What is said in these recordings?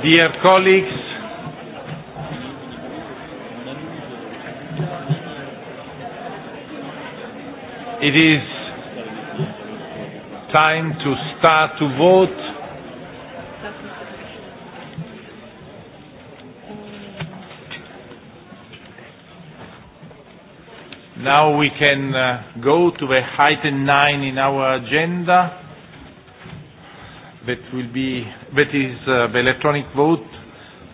Dear colleagues, it is time to start to vote. Now we can uh, go to the item 9 in our agenda that will be that is uh, the electronic vote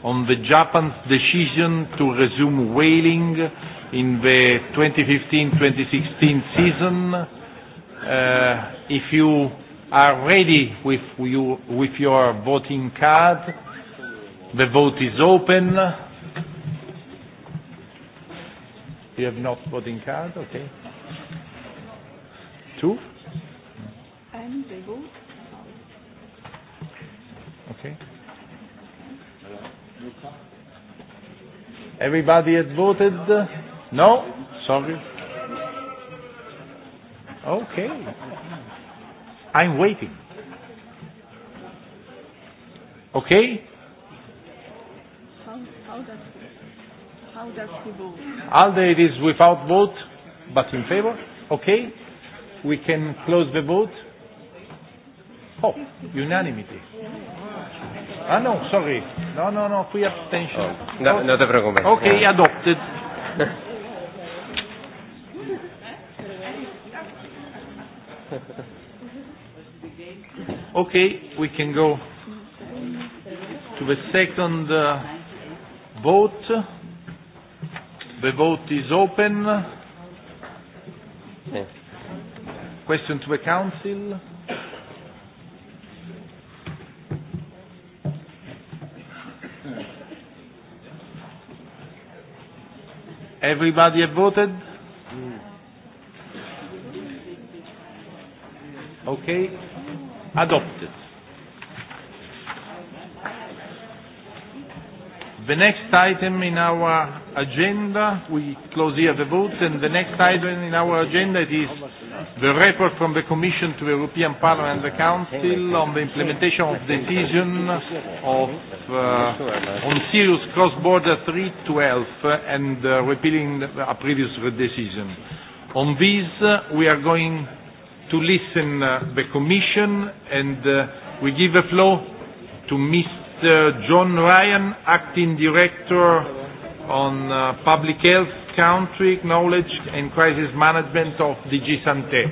on the Japan's decision to resume whaling in the 2015-2016 season. Uh, if you are ready with, you, with your voting card, the vote is open. You have not voting card? Okay. Two? Everybody has voted? No? Sorry. Okay. I'm waiting. Okay? How, does he, how does he vote? Alde it is without vote, but in favor. Okay? We can close the vote. Oh, unanimity. Ah, no, sorry. No, no, no, free abstention. Oh. No, no te preocupes. Ok, no. adopted. okay, we can go to the second uh, vote. The vote is open. Yeah. Question to the council. Everybody have voted? Hmm. Okay. Adopted. The next item in our agenda, we close here the vote, and the next item in our agenda is the report from the Commission to the European Parliament and the Council on the implementation of decision of, uh, on serious cross-border 312 uh, and uh, repealing a previous decision. On this, uh, we are going to listen uh, the Commission, and uh, we give the floor to Ms Mr. Uh, John Ryan, Acting Director on uh, Public Health, Country Knowledge and Crisis Management of DG Santé.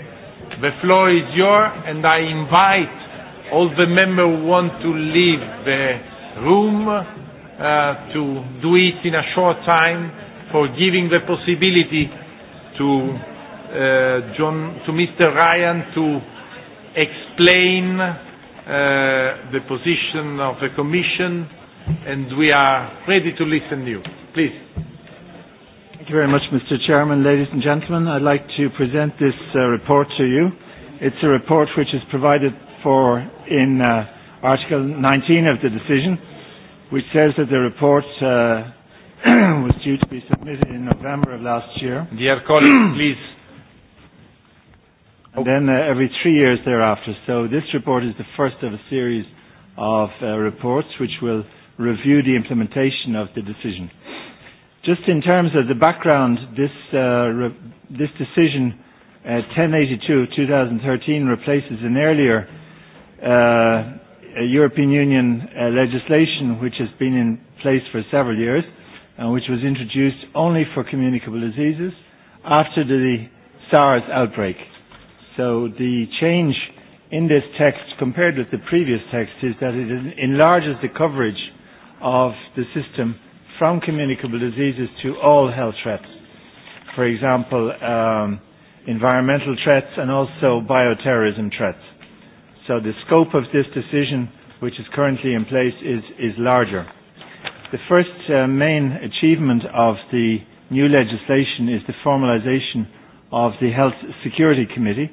The floor is yours, and I invite all the members who want to leave the room uh, to do it in a short time for giving the possibility to, uh, John, to Mr. Ryan to explain uh, the position of the Commission, and we are ready to listen to you. Please. Thank you very much, Mr. Chairman. Ladies and gentlemen, I'd like to present this uh, report to you. It's a report which is provided for in uh, Article 19 of the decision, which says that the report uh, was due to be submitted in November of last year. Dear colleagues, please and then uh, every three years thereafter. So this report is the first of a series of uh, reports which will review the implementation of the decision. Just in terms of the background, this, uh, re- this decision uh, 1082 2013 replaces an earlier uh, European Union uh, legislation which has been in place for several years and which was introduced only for communicable diseases after the SARS outbreak. So the change in this text compared with the previous text is that it enlarges the coverage of the system from communicable diseases to all health threats. For example, um, environmental threats and also bioterrorism threats. So the scope of this decision, which is currently in place, is, is larger. The first uh, main achievement of the new legislation is the formalization of the Health Security Committee.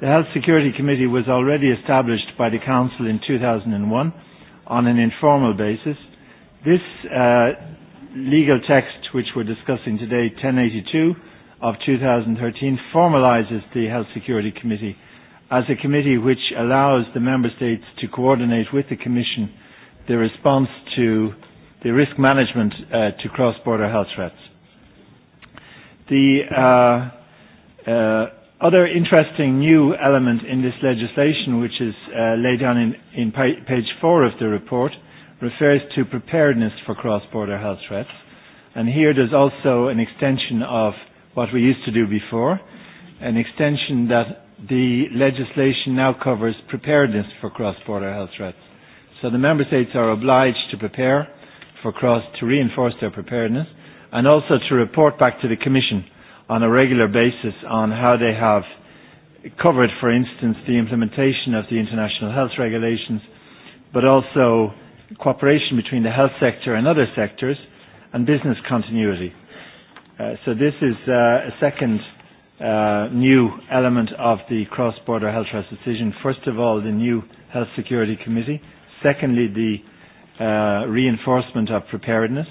The Health Security Committee was already established by the Council in 2001 on an informal basis. This uh, legal text, which we're discussing today, 1082 of 2013, formalizes the Health Security Committee as a committee which allows the Member States to coordinate with the Commission the response to the risk management uh, to cross-border health threats. The uh, Uh, other interesting new element in this legislation, which is uh, laid down in, in page four of the report, refers to preparedness for cross-border health threats. And here there's also an extension of what we used to do before, an extension that the legislation now covers preparedness for cross-border health threats. So the member states are obliged to prepare for cross, to reinforce their preparedness, and also to report back to the Commission on a regular basis on how they have covered, for instance, the implementation of the international health regulations, but also cooperation between the health sector and other sectors, and business continuity. Uh, so this is uh, a second uh, new element of the cross-border health trust decision. First of all, the new health security committee. Secondly, the uh, reinforcement of preparedness.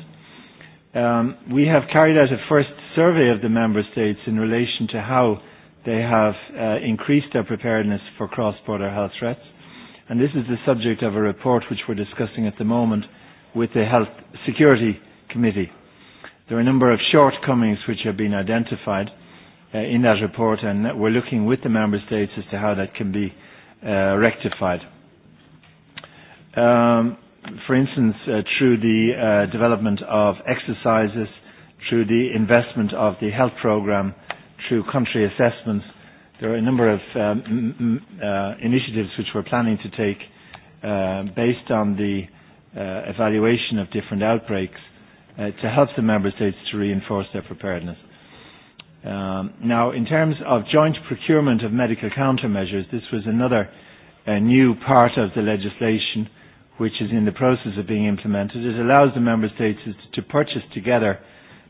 Um, we have carried out a first survey of the member states in relation to how they have uh, increased their preparedness for cross-border health threats. And this is the subject of a report which we're discussing at the moment with the Health Security Committee. There are a number of shortcomings which have been identified uh, in that report, and we're looking with the member states as to how that can be uh, rectified. Um, for instance, uh, through the uh, development of exercises, through the investment of the health program, through country assessments. There are a number of um, m uh, initiatives which we're planning to take uh, based on the uh, evaluation of different outbreaks uh, to help the member states to reinforce their preparedness. Um, now, in terms of joint procurement of medical countermeasures, this was another uh, new part of the legislation which is in the process of being implemented. It allows the member states to purchase together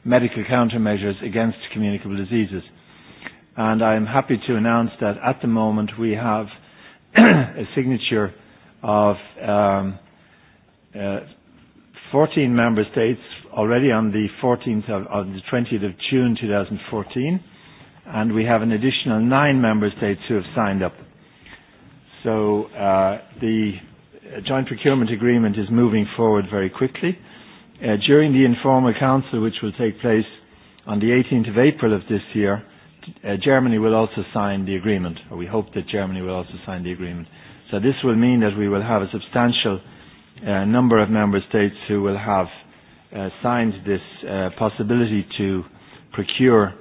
medical countermeasures against communicable diseases. And I am happy to announce that at the moment we have a signature of um, uh, 14 member states already on the 14th of, on the 20th of June 2014, and we have an additional nine member states who have signed up. So uh, the uh, joint procurement agreement is moving forward very quickly. Uh, during the informal council, which will take place on the 18th of April of this year, uh, Germany will also sign the agreement, or we hope that Germany will also sign the agreement. So this will mean that we will have a substantial uh, number of member states who will have uh, signed this uh, possibility to procure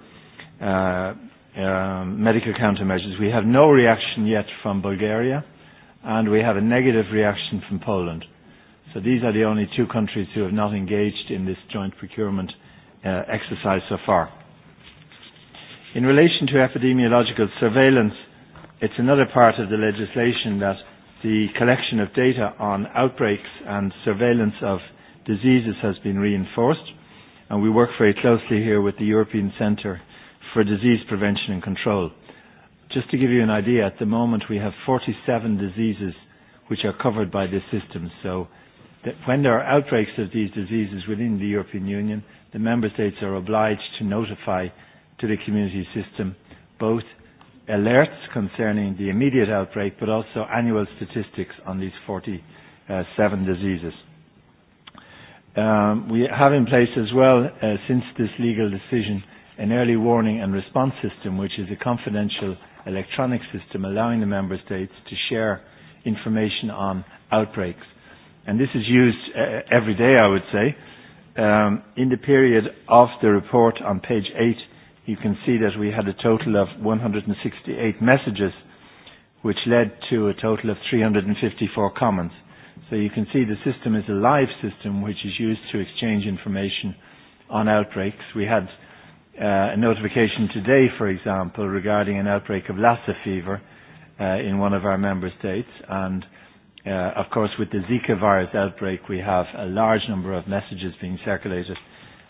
uh, uh, medical countermeasures. We have no reaction yet from Bulgaria and we have a negative reaction from Poland. So these are the only two countries who have not engaged in this joint procurement uh, exercise so far. In relation to epidemiological surveillance, it's another part of the legislation that the collection of data on outbreaks and surveillance of diseases has been reinforced, and we work very closely here with the European Centre for Disease Prevention and Control. Just to give you an idea, at the moment we have 47 diseases which are covered by this system. So that when there are outbreaks of these diseases within the European Union, the member states are obliged to notify to the community system both alerts concerning the immediate outbreak, but also annual statistics on these 47 diseases. Um, we have in place as well, uh, since this legal decision, an early warning and response system, which is a confidential electronic system allowing the member states to share information on outbreaks. And this is used uh, every day, I would say. Um, in the period of the report on page 8, you can see that we had a total of 168 messages, which led to a total of 354 comments. So you can see the system is a live system which is used to exchange information on outbreaks. We had uh, notification today, for example, regarding an outbreak of Lassa fever uh, in one of our member states. And uh, of course, with the Zika virus outbreak, we have a large number of messages being circulated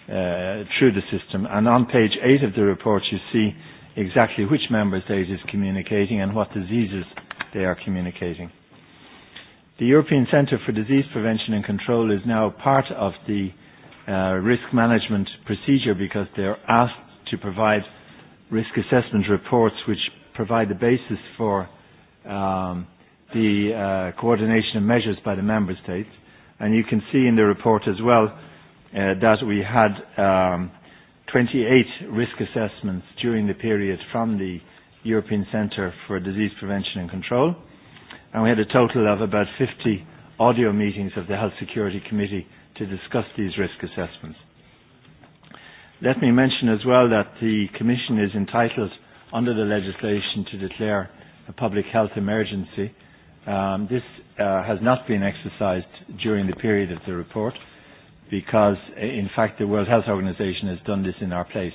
uh, through the system. And on page 8 of the report, you see exactly which member state is communicating and what diseases they are communicating. The European Centre for Disease Prevention and Control is now part of the uh, uh, risk management procedure because they're asked to provide risk assessment reports which provide the basis for um, the uh, coordination of measures by the member states. And you can see in the report as well uh, that we had um, 28 risk assessments during the period from the European Centre for Disease Prevention and Control. And we had a total of about 50 audio meetings of the Health Security Committee to discuss these risk assessments. Let me mention as well that the Commission is entitled under the legislation to declare a public health emergency. Um, this uh, has not been exercised during the period of the report because, uh, in fact, the World Health Organization has done this in our place.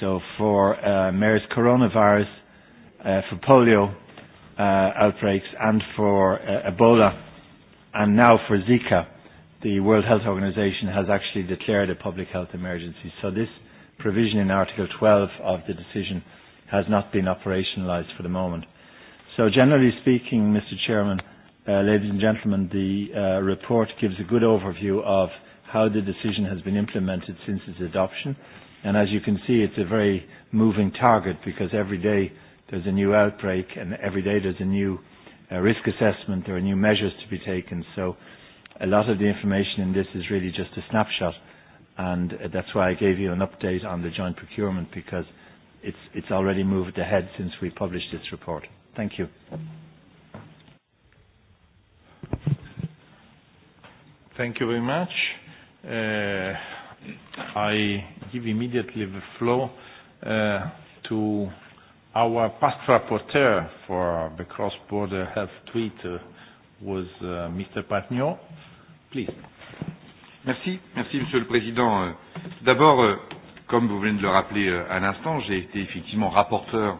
So for uh, MERS coronavirus, uh, for polio uh, outbreaks, and for uh, Ebola, and now for Zika, the World Health Organization has actually declared a public health emergency. So this provision in Article 12 of the decision has not been operationalised for the moment. So generally speaking, Mr. Chairman, uh, ladies and gentlemen, the uh, report gives a good overview of how the decision has been implemented since its adoption. And as you can see, it's a very moving target because every day there's a new outbreak and every day there's a new uh, risk assessment, there are new measures to be taken. So a lot of the information in this is really just a snapshot, and uh, that's why I gave you an update on the joint procurement because it's, it's already moved ahead since we published this report. Thank you. Thank you very much. Uh, I give immediately the floor uh, to our past rapporteur for the cross-border health uh, was uh, Mr. Pagnot. Please. Merci, merci Monsieur le Président. Tout euh, d'abord, euh, comme vous venez de le rappeler à euh, l'instant, j'ai été effectivement rapporteur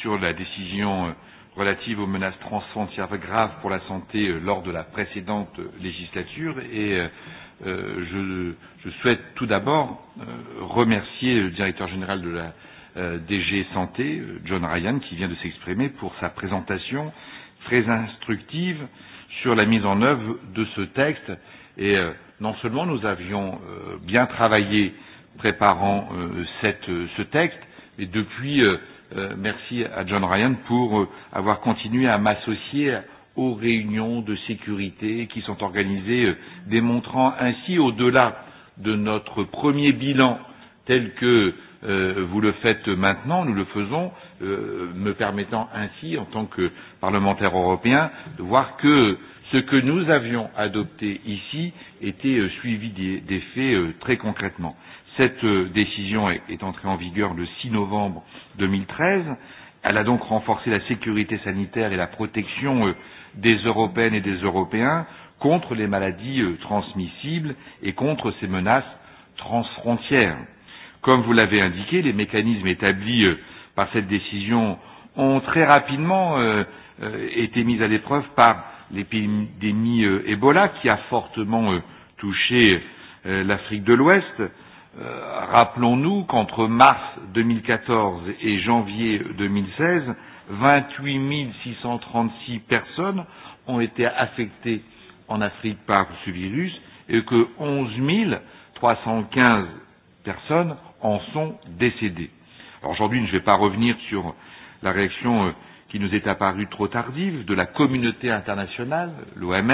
sur la décision relative aux menaces transfrontières graves pour la santé lors de la précédente législature et je, je souhaite tout d'abord remercier le directeur général de la DG Santé, John Ryan, qui vient de s'exprimer pour sa présentation très instructive euh, sur la mise en œuvre de ce texte et euh, non seulement nous avions euh, bien travaillé préparant euh, cette, euh, ce texte, mais depuis euh, euh, merci à John Ryan pour euh, avoir continué à m'associer aux réunions de sécurité qui sont organisées, euh, démontrant ainsi au delà de notre premier bilan tel que euh, vous le faites maintenant, nous le faisons, euh, me permettant ainsi, en tant que parlementaire européen, de voir que ce que nous avions adopté ici était euh, suivi des, des faits euh, très concrètement. Cette euh, décision est, est entrée en vigueur le 6 novembre 2013. Elle a donc renforcé la sécurité sanitaire et la protection euh, des Européennes et des Européens contre les maladies euh, transmissibles et contre ces menaces transfrontières. Comme vous l'avez indiqué, les mécanismes établis euh, par cette décision ont très rapidement euh, euh, été mis à l'épreuve par l'épidémie Ebola qui a fortement touché l'Afrique de l'Ouest. Rappelons-nous qu'entre mars 2014 et janvier 2016, 28 636 personnes ont été affectées en Afrique par ce virus et que 11 315 personnes en sont décédés. Alors aujourd'hui, je ne vais pas revenir sur la réaction euh, qui nous est apparue trop tardive de la communauté internationale, l'OMS,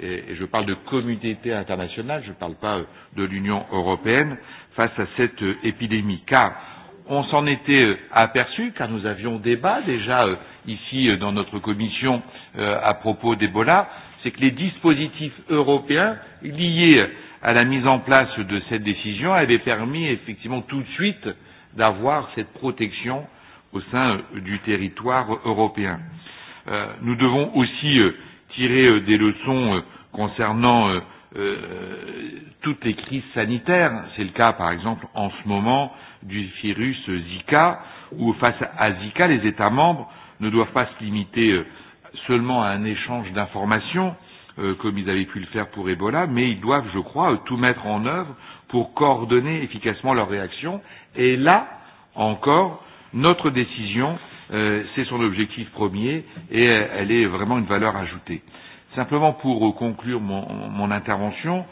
et je parle de communauté internationale, je ne parle pas euh, de l'Union européenne, face à cette euh, épidémie, car on s'en était aperçu, car nous avions débat déjà ici dans notre commission à propos d'Ebola, c'est que les dispositifs européens liés à la mise en place de cette décision avait permis effectivement tout de suite d'avoir cette protection au sein euh, du territoire européen. Euh, nous devons aussi euh, tirer euh, des leçons euh, concernant euh, euh, toutes les crises sanitaires. C'est le cas, par exemple, en ce moment du virus Zika, où face à Zika, les États membres ne doivent pas se limiter euh, seulement à un échange d'informations, euh, comme ils avaient pu le faire pour Ebola, mais ils doivent, je crois, tout mettre en œuvre pour coordonner efficacement leur réaction Et là encore, notre décision, euh, c'est son objectif premier et euh, elle est vraiment une valeur ajoutée. Simplement pour euh, conclure mon, mon intervention,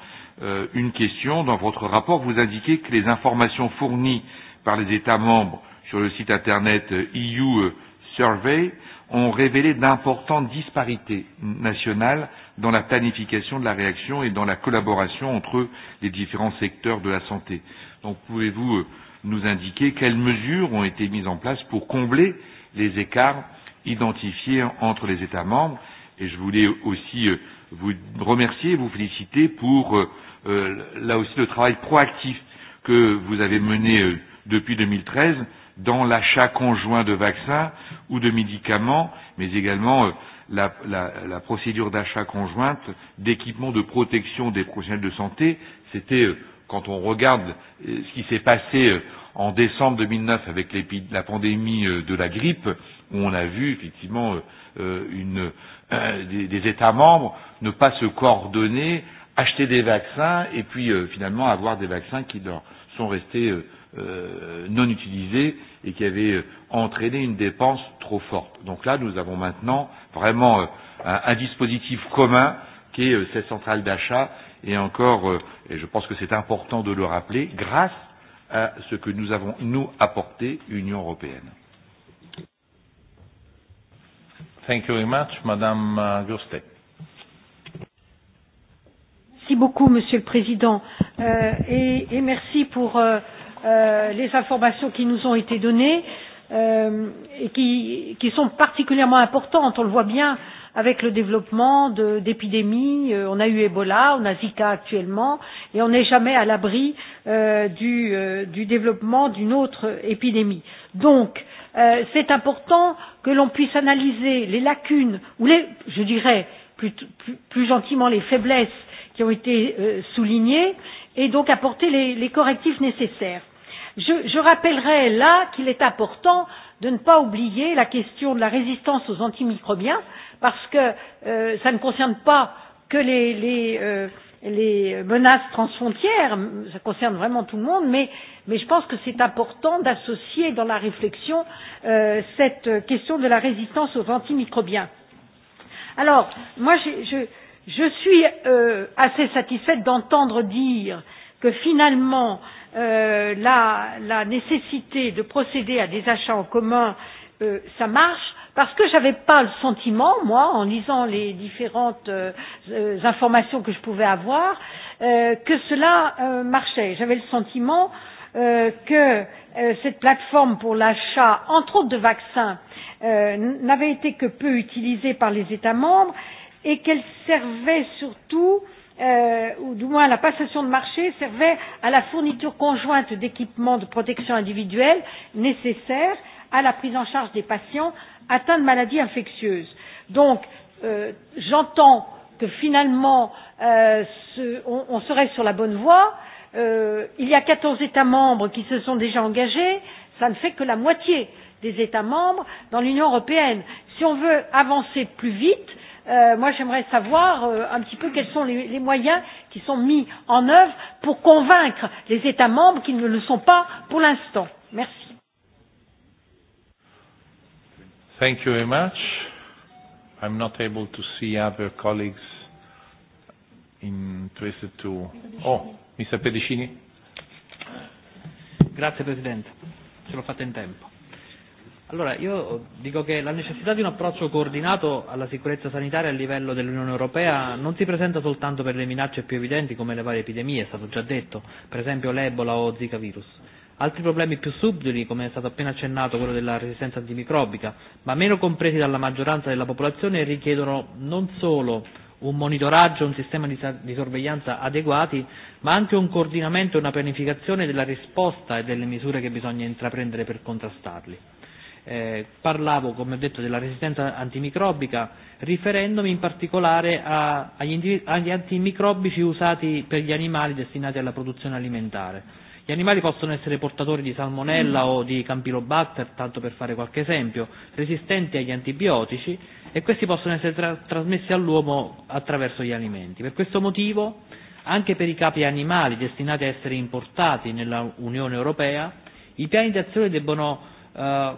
euh, une question. Dans votre rapport, vous indiquez que les informations fournies par les États membres sur le site internet EU e euh, Survey ont révélé d'importantes disparités nationales dans la planification de la réaction et dans la collaboration entre les différents secteurs de la santé. Donc pouvez-vous euh, nous indiquer quelles mesures ont été mises en place pour combler les écarts identifiés entre les États membres et je voulais aussi euh, vous remercier, et vous féliciter pour euh, là aussi le travail proactif que vous avez mené depuis 2013 dans l'achat conjoint de vaccins ou de médicaments, mais également euh, la, la, la procédure d'achat conjointe d'équipements de protection des professionnels de santé. C'était, euh, quand on regarde euh, ce qui s'est passé euh, en décembre 2009 avec la pandémie de la grippe, où on a vu effectivement une, des, des États membres ne pas se coordonner, acheter des vaccins et puis finalement avoir des vaccins qui leur sont restés euh, euh, non utilisées et qui avaient euh, entraîné une dépense trop forte. Donc là, nous avons maintenant vraiment euh, un, un dispositif commun qui est euh, cette centrale d'achat et encore, euh, et je pense que c'est important de le rappeler, grâce à ce que nous avons, nous, apporté, Union européenne. Thank you very much, Madame euh, Gostet. Merci beaucoup, Monsieur le Président, euh, et, et merci pour euh, Euh, les informations qui nous ont été données euh, et qui, qui sont particulièrement importantes. On le voit bien avec le développement d'épidémies. Euh, on a eu Ebola, on a Zika actuellement et on n'est jamais à l'abri euh, du, euh, du développement d'une autre épidémie. Donc, euh, c'est important que l'on puisse analyser les lacunes ou les, je dirais plus, plus, plus gentiment, les faiblesses qui ont été euh, soulignées et donc apporter les, les correctifs nécessaires. Je, je rappellerai là qu'il est important de ne pas oublier la question de la résistance aux antimicrobiens, parce que euh, ça ne concerne pas que les, les, euh, les menaces transfrontières, ça concerne vraiment tout le monde, mais, mais je pense que c'est important d'associer dans la réflexion euh, cette question de la résistance aux antimicrobiens. Alors, moi, je, je, je suis euh, assez satisfaite d'entendre dire que finalement, euh, euh, la, la nécessité de procéder à des achats en commun, euh, ça marche, parce que je n'avais pas le sentiment, moi, en lisant les différentes euh, informations que je pouvais avoir, euh, que cela euh, marchait. J'avais le sentiment euh, que euh, cette plateforme pour l'achat, entre autres de vaccins, euh, n'avait été que peu utilisée par les États membres et qu'elle servait surtout euh, euh, ou du moins la passation de marché servait à la fourniture conjointe d'équipements de protection individuelle nécessaires à la prise en charge des patients atteints de maladies infectieuses. Donc, euh, j'entends que finalement, euh, ce, on, on serait sur la bonne voie. Euh, il y a 14 États membres qui se sont déjà engagés. Ça ne fait que la moitié des États membres dans l'Union européenne. Si on veut avancer plus vite, euh, moi j'aimerais savoir euh, un petit peu quels sont les, les moyens qui sont mis en œuvre pour convaincre les États membres qui ne le sont pas pour l'instant. Merci. Thank you very much. I'm not able to see other colleagues interested to. Oh, Mr. Pedicini. Grazie Presidente, ce l'ho fatto in tempo. Allora, io dico che la necessità di un approccio coordinato alla sicurezza sanitaria a livello dell'Unione Europea non si presenta soltanto per le minacce più evidenti come le varie epidemie, è stato già detto, per esempio l'Ebola o Zika virus. Altri problemi più subdoli, come è stato appena accennato quello della resistenza antimicrobica, ma meno compresi dalla maggioranza della popolazione, richiedono non solo un monitoraggio e un sistema di sorveglianza adeguati, ma anche un coordinamento e una pianificazione della risposta e delle misure che bisogna intraprendere per contrastarli eh, parlavo, come ho detto, della resistenza antimicrobica, riferendomi in particolare a, agli, agli antimicrobici usati per gli animali destinati alla produzione alimentare. Gli animali possono essere portatori di salmonella mm. o di campylobacter, tanto per fare qualche esempio, resistenti agli antibiotici e questi possono essere tra- trasmessi all'uomo attraverso gli alimenti. Per questo motivo, anche per i capi animali destinati a essere importati nell'Unione Europea, i piani di azione debbono eh,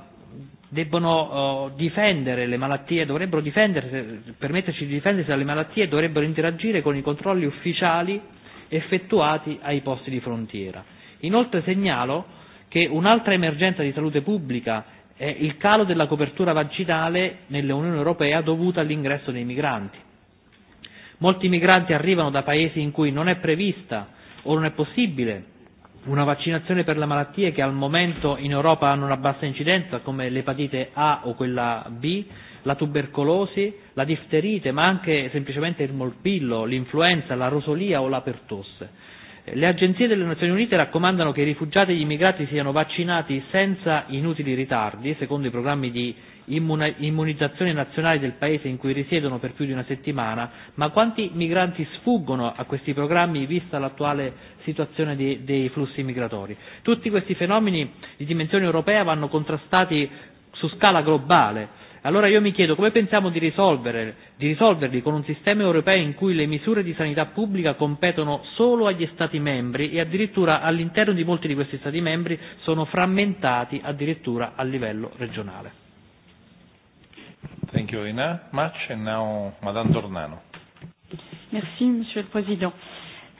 debbono eh, difendere le malattie, dovrebbero difendersi, permetterci di difendersi dalle malattie e dovrebbero interagire con i controlli ufficiali effettuati ai posti di frontiera. Inoltre segnalo che un'altra emergenza di salute pubblica è il calo della copertura vaccinale nell'Unione Europea dovuta all'ingresso dei migranti. Molti migranti arrivano da paesi in cui non è prevista o non è possibile una vaccinazione per le malattie che al momento in Europa hanno una bassa incidenza come l'epatite A o quella B, la tubercolosi, la difterite, ma anche semplicemente il morbillo, l'influenza, la rosolia o la pertosse. Le agenzie delle Nazioni Unite raccomandano che i rifugiati e gli immigrati siano vaccinati senza inutili ritardi, secondo i programmi di immunizzazione nazionale del paese in cui risiedono per più di una settimana, ma quanti migranti sfuggono a questi programmi vista l'attuale situazione dei, dei flussi migratori? Tutti questi fenomeni di dimensione europea vanno contrastati su scala globale. Allora io mi chiedo come pensiamo di, risolvere, di risolverli con un sistema europeo in cui le misure di sanità pubblica competono solo agli Stati membri e addirittura all'interno di molti di questi Stati membri sono frammentati addirittura a livello regionale. Thank you, Ina. Much. And now, Madame Dornano. Merci, Monsieur le Président.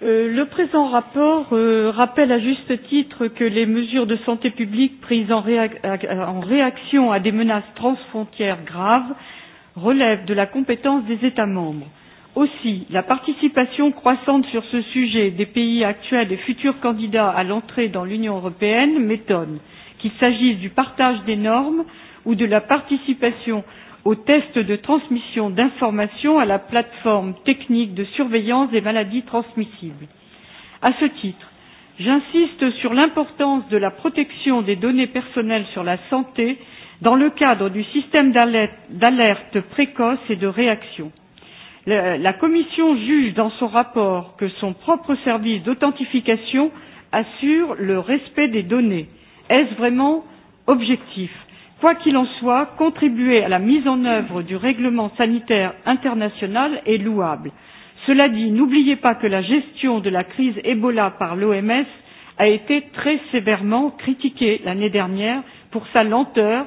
Euh, le présent rapport euh, rappelle à juste titre que les mesures de santé publique prises en, réac en réaction à des menaces transfrontières graves relèvent de la compétence des États membres. Aussi, la participation croissante sur ce sujet des pays actuels et futurs candidats à l'entrée dans l'Union européenne m'étonne, qu'il s'agisse du partage des normes ou de la participation aux tests de transmission d'informations à la plateforme technique de surveillance des maladies transmissibles. À ce titre, j'insiste sur l'importance de la protection des données personnelles sur la santé dans le cadre du système d'alerte précoce et de réaction. La Commission juge dans son rapport que son propre service d'authentification assure le respect des données. Est-ce vraiment objectif Quoi qu'il en soit, contribuer à la mise en œuvre du règlement sanitaire international est louable. Cela dit, n'oubliez pas que la gestion de la crise Ebola par l'OMS a été très sévèrement critiquée l'année dernière pour sa lenteur,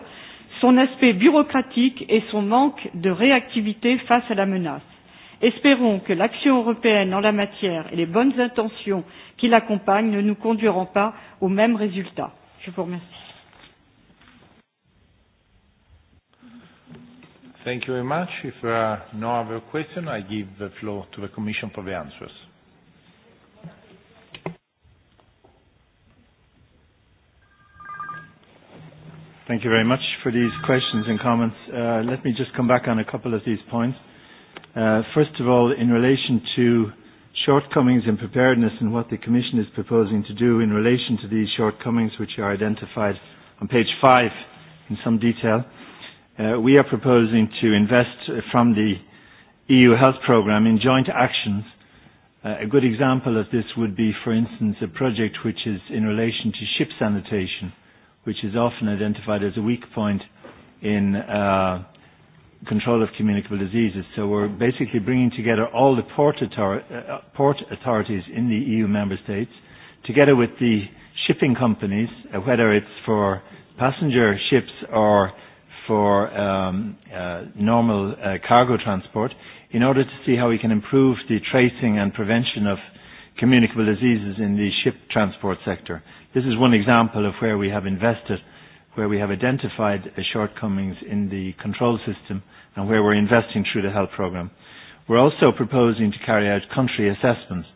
son aspect bureaucratique et son manque de réactivité face à la menace. Espérons que l'action européenne en la matière et les bonnes intentions qui l'accompagnent ne nous conduiront pas au même résultat. Je vous remercie. Thank you very much. If there are no other questions, I give the floor to the Commission for the answers. Thank you very much for these questions and comments. Uh, let me just come back on a couple of these points. Uh, first of all, in relation to shortcomings in preparedness and what the Commission is proposing to do in relation to these shortcomings, which are identified on page five in some detail uh, we are proposing to invest uh, from the EU health programme in joint actions. Uh, a good example of this would be, for instance, a project which is in relation to ship sanitation, which is often identified as a weak point in uh, control of communicable diseases. So we're basically bringing together all the port, author- uh, port authorities in the EU member states, together with the shipping companies, uh, whether it's for passenger ships or for um, uh, normal uh, cargo transport in order to see how we can improve the tracing and prevention of communicable diseases in the ship transport sector. This is one example of where we have invested, where we have identified uh, shortcomings in the control system and where we're investing through the health program. We're also proposing to carry out country assessments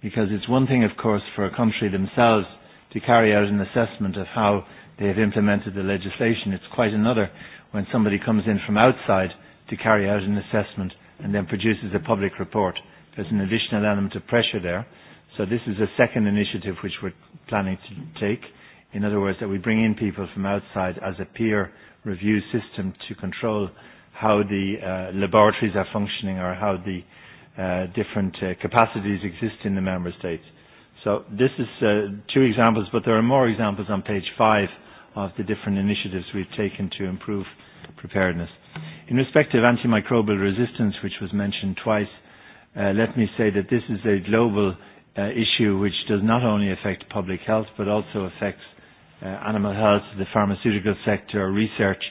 because it's one thing, of course, for a country themselves to carry out an assessment of how they have implemented the legislation. It's quite another when somebody comes in from outside to carry out an assessment and then produces a public report. There's an additional element of pressure there. So this is a second initiative which we're planning to take. In other words, that we bring in people from outside as a peer review system to control how the uh, laboratories are functioning or how the uh, different uh, capacities exist in the member states. So this is uh, two examples, but there are more examples on page five of the different initiatives we've taken to improve uh, preparedness. In respect of antimicrobial resistance, which was mentioned twice, uh, let me say that this is a global uh, issue which does not only affect public health but also affects uh, animal health, the pharmaceutical sector, research,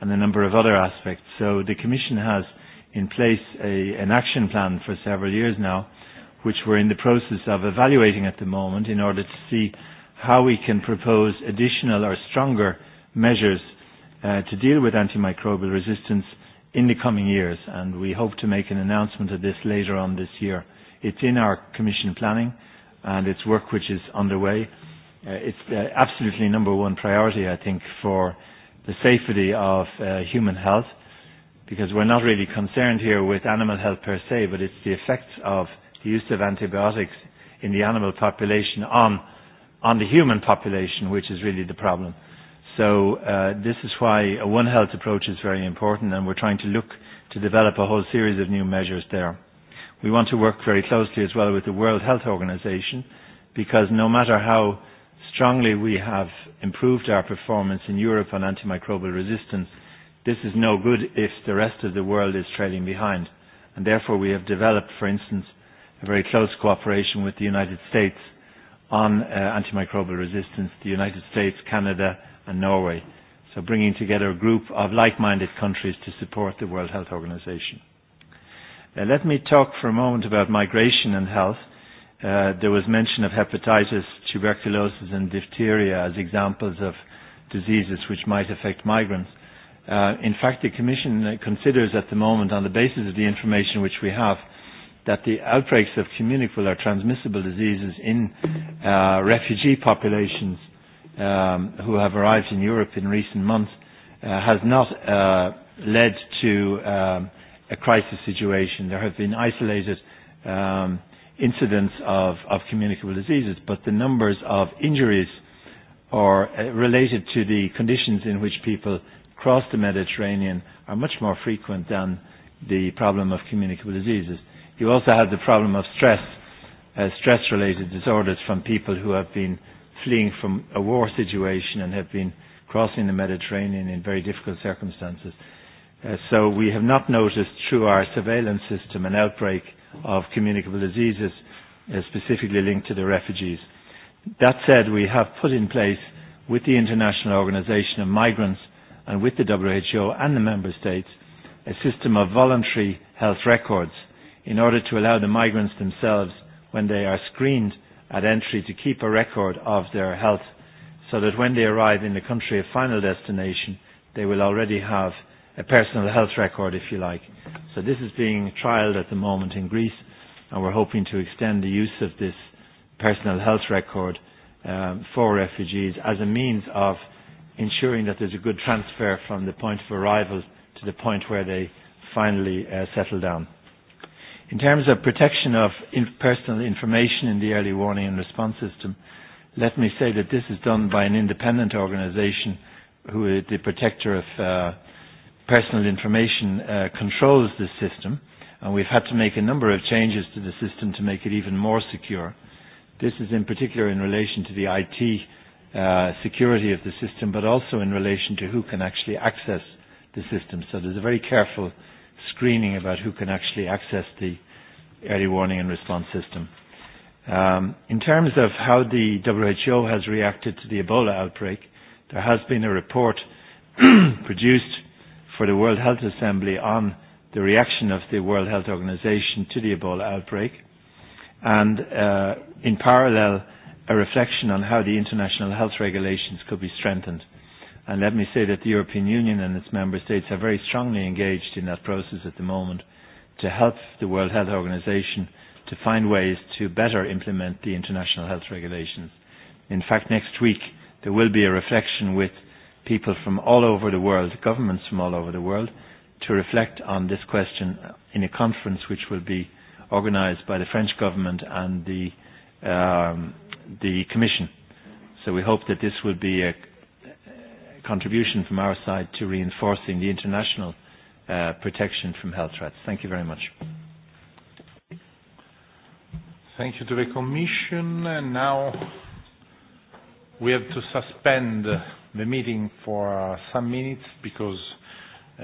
and a number of other aspects. So the Commission has in place a, an action plan for several years now, which we're in the process of evaluating at the moment in order to see how we can propose additional or stronger measures uh, to deal with antimicrobial resistance in the coming years, and we hope to make an announcement of this later on this year. It's in our commission planning, and it's work which is underway. Uh, it's uh, absolutely number one priority, I think, for the safety of uh, human health, because we're not really concerned here with animal health per se, but it's the effects of the use of antibiotics in the animal population on on the human population, which is really the problem. So uh, this is why a One Health approach is very important, and we're trying to look to develop a whole series of new measures there. We want to work very closely as well with the World Health Organization, because no matter how strongly we have improved our performance in Europe on antimicrobial resistance, this is no good if the rest of the world is trailing behind. And therefore, we have developed, for instance, a very close cooperation with the United States on uh, antimicrobial resistance, the United States, Canada, and Norway, so bringing together a group of like-minded countries to support the World Health Organization. Uh, let me talk for a moment about migration and health. Uh, there was mention of hepatitis, tuberculosis, and diphtheria as examples of diseases which might affect migrants. Uh, in fact, the Commission considers at the moment, on the basis of the information which we have, that the outbreaks of communicable or transmissible diseases in uh, refugee populations um, who have arrived in Europe in recent months uh, has not uh, led to um, a crisis situation. There have been isolated um, incidents of, of communicable diseases, but the numbers of injuries or uh, related to the conditions in which people cross the Mediterranean are much more frequent than the problem of communicable diseases. You also have the problem of stress, uh, stress-related disorders from people who have been uh, fleeing from a war situation and have been crossing the Mediterranean in very difficult circumstances. Uh, so we have not noticed through our surveillance system an outbreak of communicable diseases uh, specifically linked to the refugees. That said, we have put in place with the International Organization of Migrants and with the WHO and the Member States a system of voluntary health records in order to allow the migrants themselves, when they are screened at entry to keep a record of their health so that when they arrive in the country of final destination, they will already have a personal health record, if you like. So this is being trialled at the moment in Greece, and we're hoping to extend the use of this personal health record um, for refugees as a means of ensuring that there's a good transfer from the point of arrival to the point where they finally uh, settle down. In terms of protection of in personal information in the early warning and response system, let me say that this is done by an independent organization who is the protector of uh, personal information uh, controls this system and we've had to make a number of changes to the system to make it even more secure. This is in particular in relation to the IT uh, security of the system, but also in relation to who can actually access the system. So there's a very careful screening about who can actually access the early warning and response system. Um, in terms of how the WHO has reacted to the Ebola outbreak, there has been a report produced for the World Health Assembly on the reaction of the World Health Organization to the Ebola outbreak, and uh, in parallel, a reflection on how the international health regulations could be strengthened. And let me say that the European Union and its member states are very strongly engaged in that process at the moment to help the World Health Organization to find ways to better implement the international health regulations. In fact, next week there will be a reflection with people from all over the world, governments from all over the world, to reflect on this question in a conference which will be organized by the French government and the, um, the Commission. So we hope that this will be a, contribution from our side to reinforcing the international uh, protection from health threats. Thank you very much. Thank you to the Commission. And now we have to suspend the meeting for uh, some minutes because uh,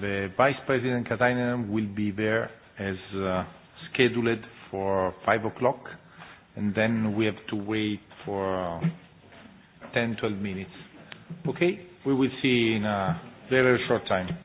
the Vice President Katainen will be there as uh, scheduled for 5 o'clock and then we have to wait for 10, uh, 12 minutes. Okay, we will see in a very short time.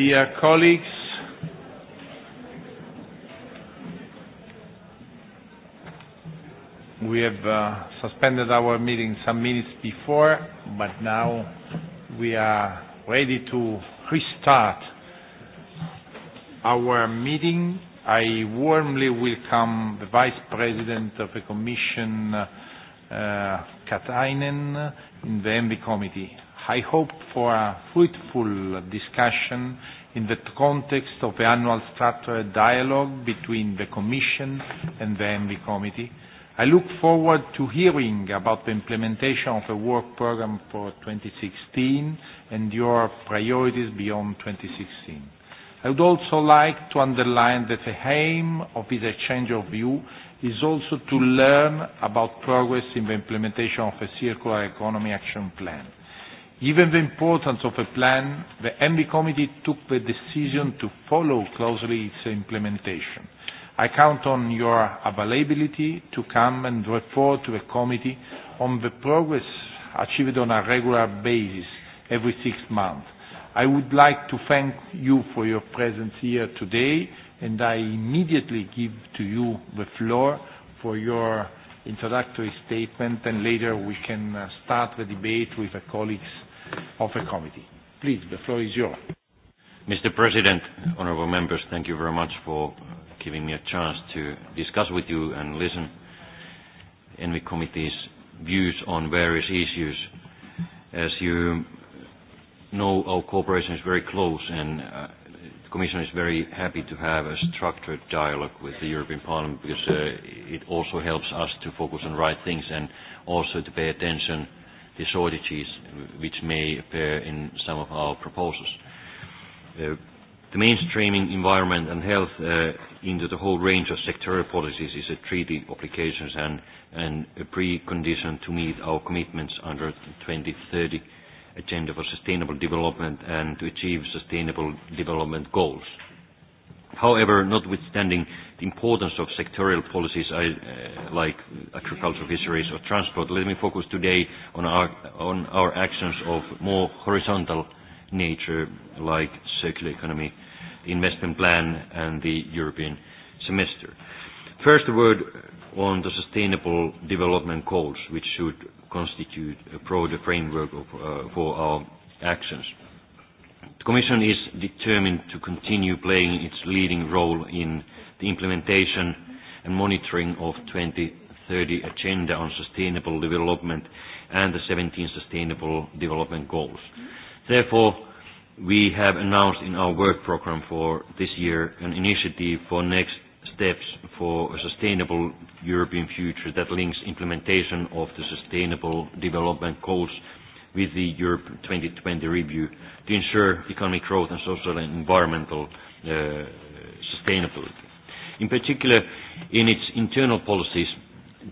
Dear colleagues, we have uh, suspended our meeting some minutes before, but now we are ready to restart our meeting. I warmly welcome the Vice President of the Commission, uh, Katainen, in the MV Committee. I hope for a fruitful discussion in the context of the annual structured dialogue between the Commission and the MV Committee. I look forward to hearing about the implementation of the work program for 2016 and your priorities beyond 2016. I would also like to underline that the aim of this exchange of view is also to learn about progress in the implementation of a circular economy action plan. Given the importance of a plan, the MB Committee took the decision to follow closely its implementation. I count on your availability to come and report to the committee on the progress achieved on a regular basis every six months. I would like to thank you for your presence here today, and I immediately give to you the floor for your introductory statement, and later we can uh, start the debate with the colleagues of a committee. Please, the floor is yours. Mr. President, honorable members, thank you very much for giving me a chance to discuss with you and listen Envi Committee's views on various issues. As you know, our cooperation is very close, and uh, the Commission is very happy to have a structured dialogue with the European Parliament because uh, it also helps us to focus on the right things and also to pay attention the shortages which may appear in some of our proposals. Uh, the mainstreaming environment and health uh, into the whole range of sectoral policies is a treaty obligations and, and a precondition to meet our commitments under the 2030 agenda for sustainable development and to achieve sustainable development goals. However, notwithstanding the importance of sectorial policies I, uh, like agricultural fisheries or transport. Let me focus today on our, on our actions of more horizontal nature like circular economy, investment plan and the European semester. First a word on the sustainable development goals which should constitute a broader framework of, uh, for our actions. The Commission is determined to continue playing its leading role in the implementation and monitoring of 2030 Agenda on Sustainable Development and the 17 Sustainable Development Goals. Therefore, we have announced in our work program for this year an initiative for next steps for a sustainable European future that links implementation of the Sustainable Development Goals with the Europe 2020 review to ensure economic growth and social and environmental uh, sustainability. In particular, in its internal policies,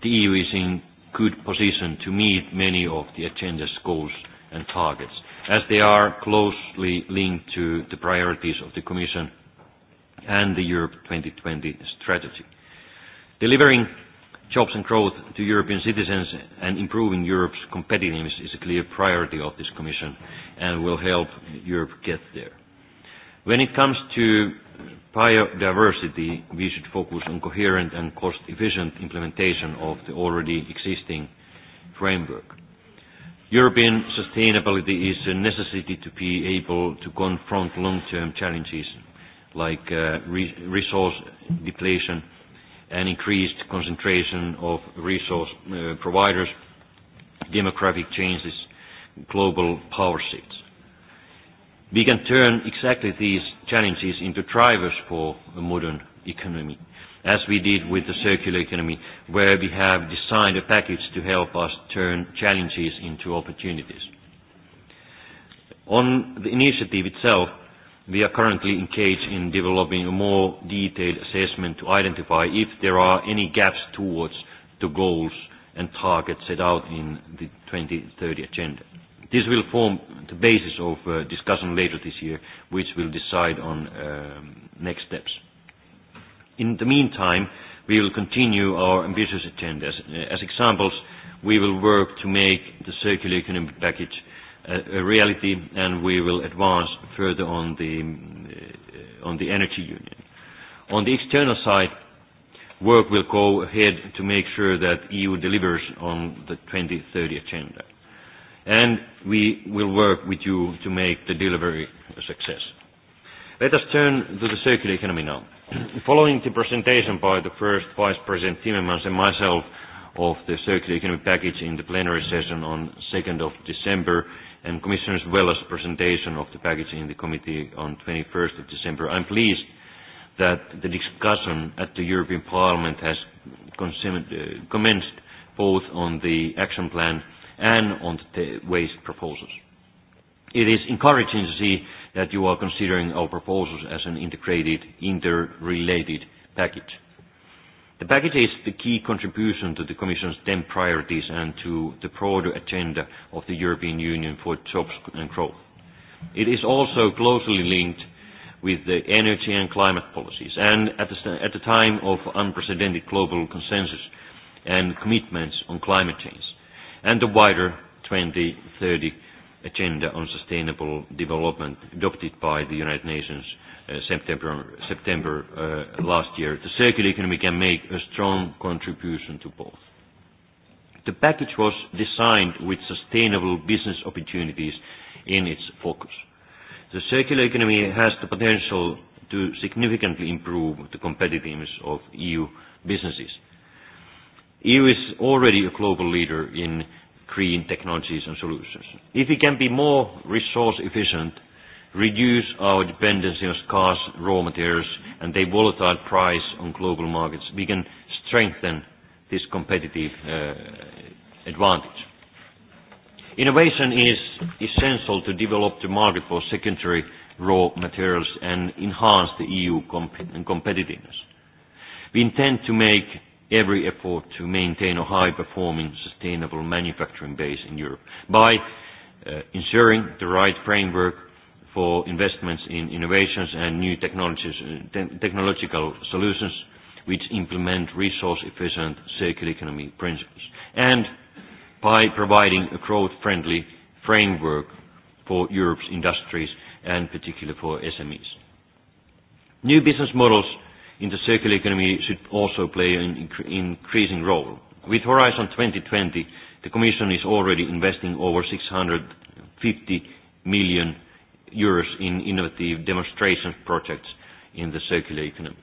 the EU is in good position to meet many of the agenda's goals and targets, as they are closely linked to the priorities of the Commission and the Europe 2020 strategy. Delivering jobs and growth to European citizens and improving Europe's competitiveness is a clear priority of this Commission and will help Europe get there. When it comes to biodiversity, we should focus on coherent and cost-efficient implementation of the already existing framework. European sustainability is a necessity to be able to confront long-term challenges like uh, re resource depletion and increased concentration of resource uh, providers, demographic changes, global power shifts We can turn exactly these challenges into drivers for a modern economy, as we did with the circular economy, where we have designed a package to help us turn challenges into opportunities. On the initiative itself, we are currently engaged in developing a more detailed assessment to identify if there are any gaps towards the goals and targets set out in the 2030 agenda. This will form the basis of uh, discussion later this year, which will decide on um, next steps. In the meantime, we will continue our ambitious agendas. Uh, as examples, we will work to make the circular economy package a, uh, a reality, and we will advance further on the, uh, on the energy union. On the external side, work will go ahead to make sure that EU delivers on the 2030 agenda and we will work with you to make the delivery a success. Let us turn to the circular economy now. Following the presentation by the first Vice President Timmermans and myself of the circular economy package in the plenary session on 2nd of December, and Commissioner Weller's presentation of the package in the committee on 21st of December, I'm pleased that the discussion at the European Parliament has uh, commenced both on the action plan and on the waste proposals. It is encouraging to see that you are considering our proposals as an integrated, interrelated package. The package is the key contribution to the Commission's 10 priorities and to the broader agenda of the European Union for jobs and growth. It is also closely linked with the energy and climate policies, and at the, at the time of unprecedented global consensus and commitments on climate change, and the wider 2030 agenda on sustainable development adopted by the United Nations uh, September, September uh, last year. The circular economy can make a strong contribution to both. The package was designed with sustainable business opportunities in its focus. The circular economy has the potential to significantly improve the competitiveness of EU businesses. EU is already a global leader in green technologies and solutions. If we can be more resource efficient, reduce our dependency on scarce raw materials and their volatile price on global markets, we can strengthen this competitive uh, advantage. Innovation is essential to develop the market for secondary raw materials and enhance the EU comp competitiveness. We intend to make every effort to maintain a high-performing, sustainable manufacturing base in Europe by uh, ensuring the right framework for investments in innovations and new technologies, uh, te technological solutions which implement resource-efficient circular economy principles, and by providing a growth-friendly framework for Europe's industries and particularly for SMEs. New business models in the circular economy should also play an increasing role. With Horizon 2020, the Commission is already investing over 650 million euros in innovative demonstration projects in the circular economy.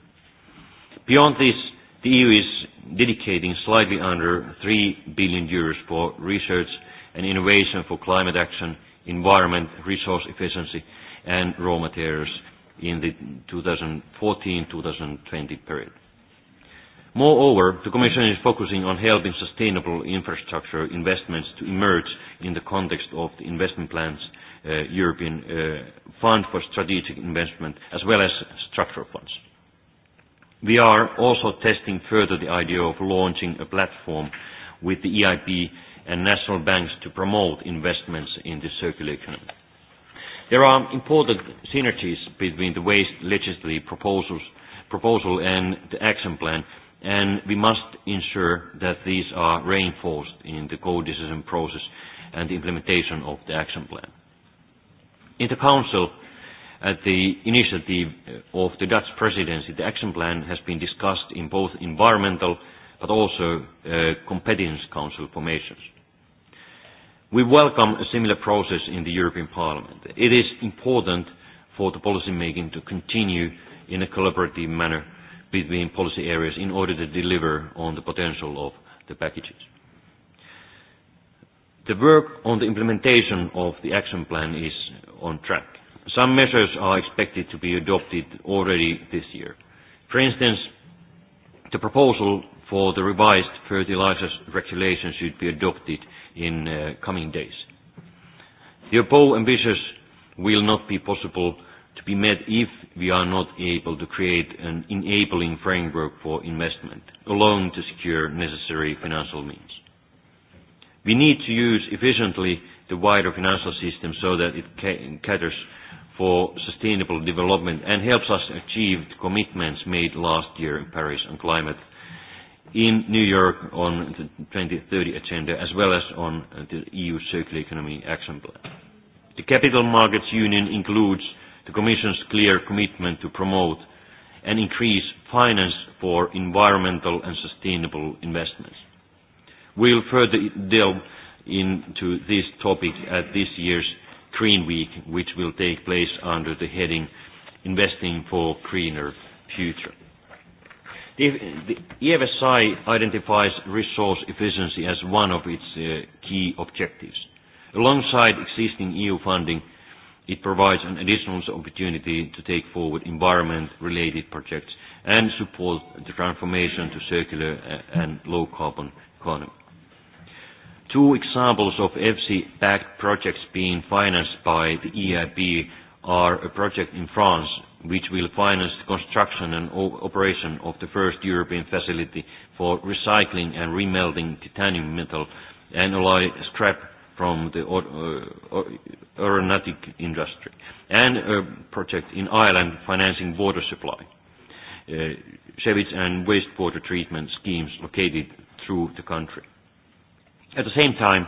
Beyond this, the EU is dedicating slightly under 3 billion euros for research and innovation for climate action, environment, resource efficiency, and raw materials in the 2014-2020 period. Moreover, the Commission is focusing on helping sustainable infrastructure investments to emerge in the context of the investment plans, uh, European uh, Fund for Strategic Investment, as well as structural funds. We are also testing further the idea of launching a platform with the EIB and national banks to promote investments in the circular economy. There are important synergies between the waste legislative proposals, proposal and the action plan, and we must ensure that these are reinforced in the co-decision process and the implementation of the action plan. In the Council, at the initiative uh, of the Dutch presidency, the action plan has been discussed in both environmental but also uh, competence council formations. We welcome a similar process in the European Parliament. It is important for the policymaking to continue in a collaborative manner between policy areas in order to deliver on the potential of the packages. The work on the implementation of the action plan is on track. Some measures are expected to be adopted already this year. For instance, the proposal for the revised fertilizers regulation should be adopted in uh, coming days. The above ambitions will not be possible to be met if we are not able to create an enabling framework for investment, alone to secure necessary financial means. We need to use efficiently the wider financial system so that it caters for sustainable development and helps us achieve the commitments made last year in Paris on climate in New York on the 2030 agenda, as well as on uh, the EU Circular Economy Action Plan. The Capital Markets Union includes the Commission's clear commitment to promote and increase finance for environmental and sustainable investments. We'll further delve into this topic at this year's Green Week, which will take place under the heading Investing for Greener Future. The EFSI identifies resource efficiency as one of its uh, key objectives. Alongside existing EU funding, it provides an additional opportunity to take forward environment-related projects and support the transformation to circular uh, and low-carbon economy. Two examples of EFSI-backed projects being financed by the EIB are a project in France which will finance the construction and operation of the first European facility for recycling and remelting titanium metal and alloy scrap from the uh, aeronautic industry, and a project in Ireland financing water supply, uh, sewage and wastewater treatment schemes located through the country. At the same time,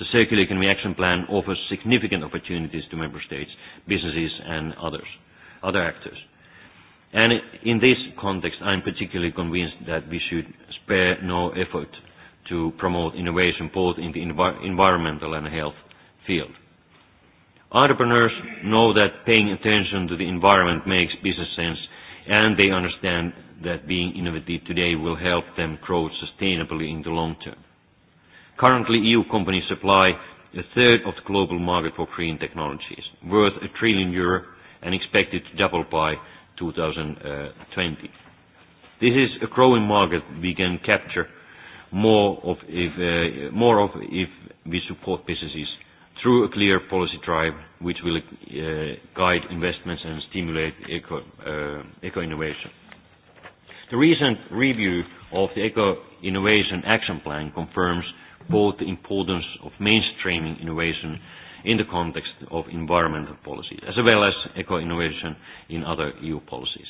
the Circular Economy Action Plan offers significant opportunities to member states, businesses, and others other actors. And in this context, I'm particularly convinced that we should spare no effort to promote innovation both in the environmental and health field. Entrepreneurs know that paying attention to the environment makes business sense, and they understand that being innovative today will help them grow sustainably in the long term. Currently, EU companies supply a third of the global market for green technologies, worth a 1 trillion euro and expected to double by 2020. This is a growing market we can capture more of if, uh, more of if we support businesses through a clear policy drive, which will uh, guide investments and stimulate eco-innovation. Uh, eco -innovation. the recent review of the Eco-Innovation Action Plan confirms both the importance of mainstreaming innovation in the context of environmental policies, as well as eco-innovation in other EU policies.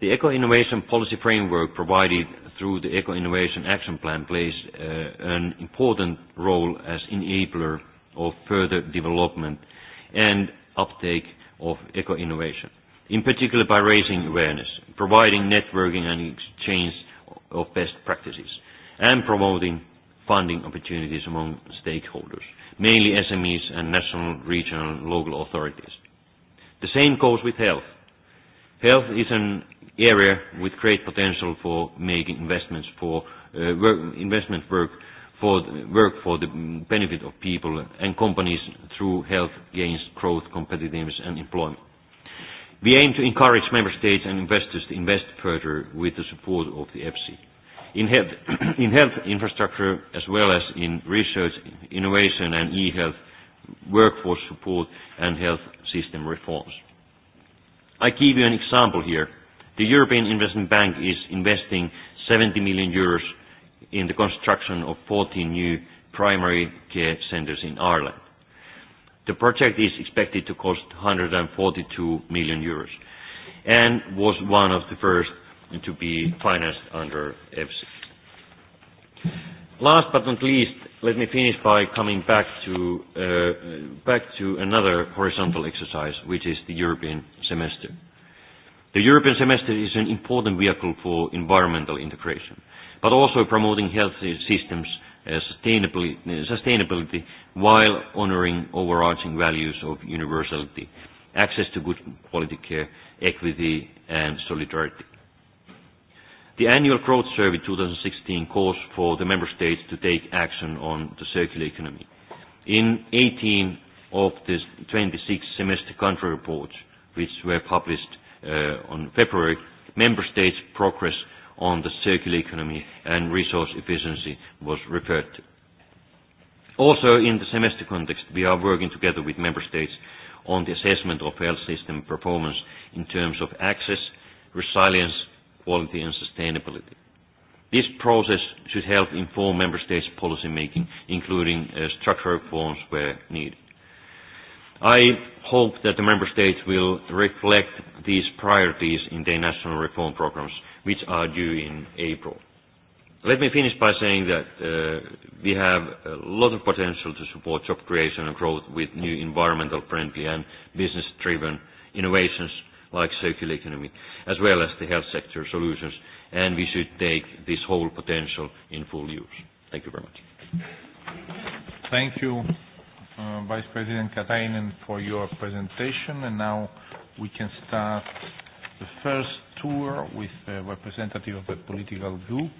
The eco-innovation policy framework provided through the eco-innovation action plan plays uh, an important role as enabler of further development and uptake of eco-innovation, in particular by raising awareness, providing networking and exchange of best practices, and promoting funding opportunities among stakeholders, mainly SMEs and national, regional, and local authorities. The same goes with health. Health is an area with great potential for making investments for uh, work, investment work for work for the benefit of people and companies through health gains, growth, competitiveness, and employment. We aim to encourage member states and investors to invest further with the support of the EPSI. In health, in health infrastructure as well as in research, innovation and e-health, workforce support and health system reforms. I give you an example here. The European Investment Bank is investing 70 million euros in the construction of 14 new primary care centers in Ireland. The project is expected to cost 142 million euros and was one of the first to be financed under EFSI. Last but not least, let me finish by coming back to, uh, back to another horizontal exercise, which is the European semester. The European semester is an important vehicle for environmental integration, but also promoting healthy systems uh, sustainability, uh, sustainability while honoring overarching values of universality, access to good quality care, equity and solidarity. The annual growth survey 2016 calls for the member states to take action on the circular economy. In 18 of the 26 semester country reports, which were published uh, on February, member states' progress on the circular economy and resource efficiency was referred to. Also, in the semester context, we are working together with member states on the assessment of health system performance in terms of access, resilience, quality and sustainability. This process should help inform member states' policy making, including uh, structural reforms where needed. I hope that the member states will reflect these priorities in their national reform programs, which are due in April. Let me finish by saying that uh, we have a lot of potential to support job creation and growth with new environmental friendly and business driven innovations like circular economy, as well as the health sector solutions, and we should take this whole potential in full use. Thank you very much. Thank you, uh, Vice President Katainen, for your presentation. And now we can start the first tour with a representative of a political group.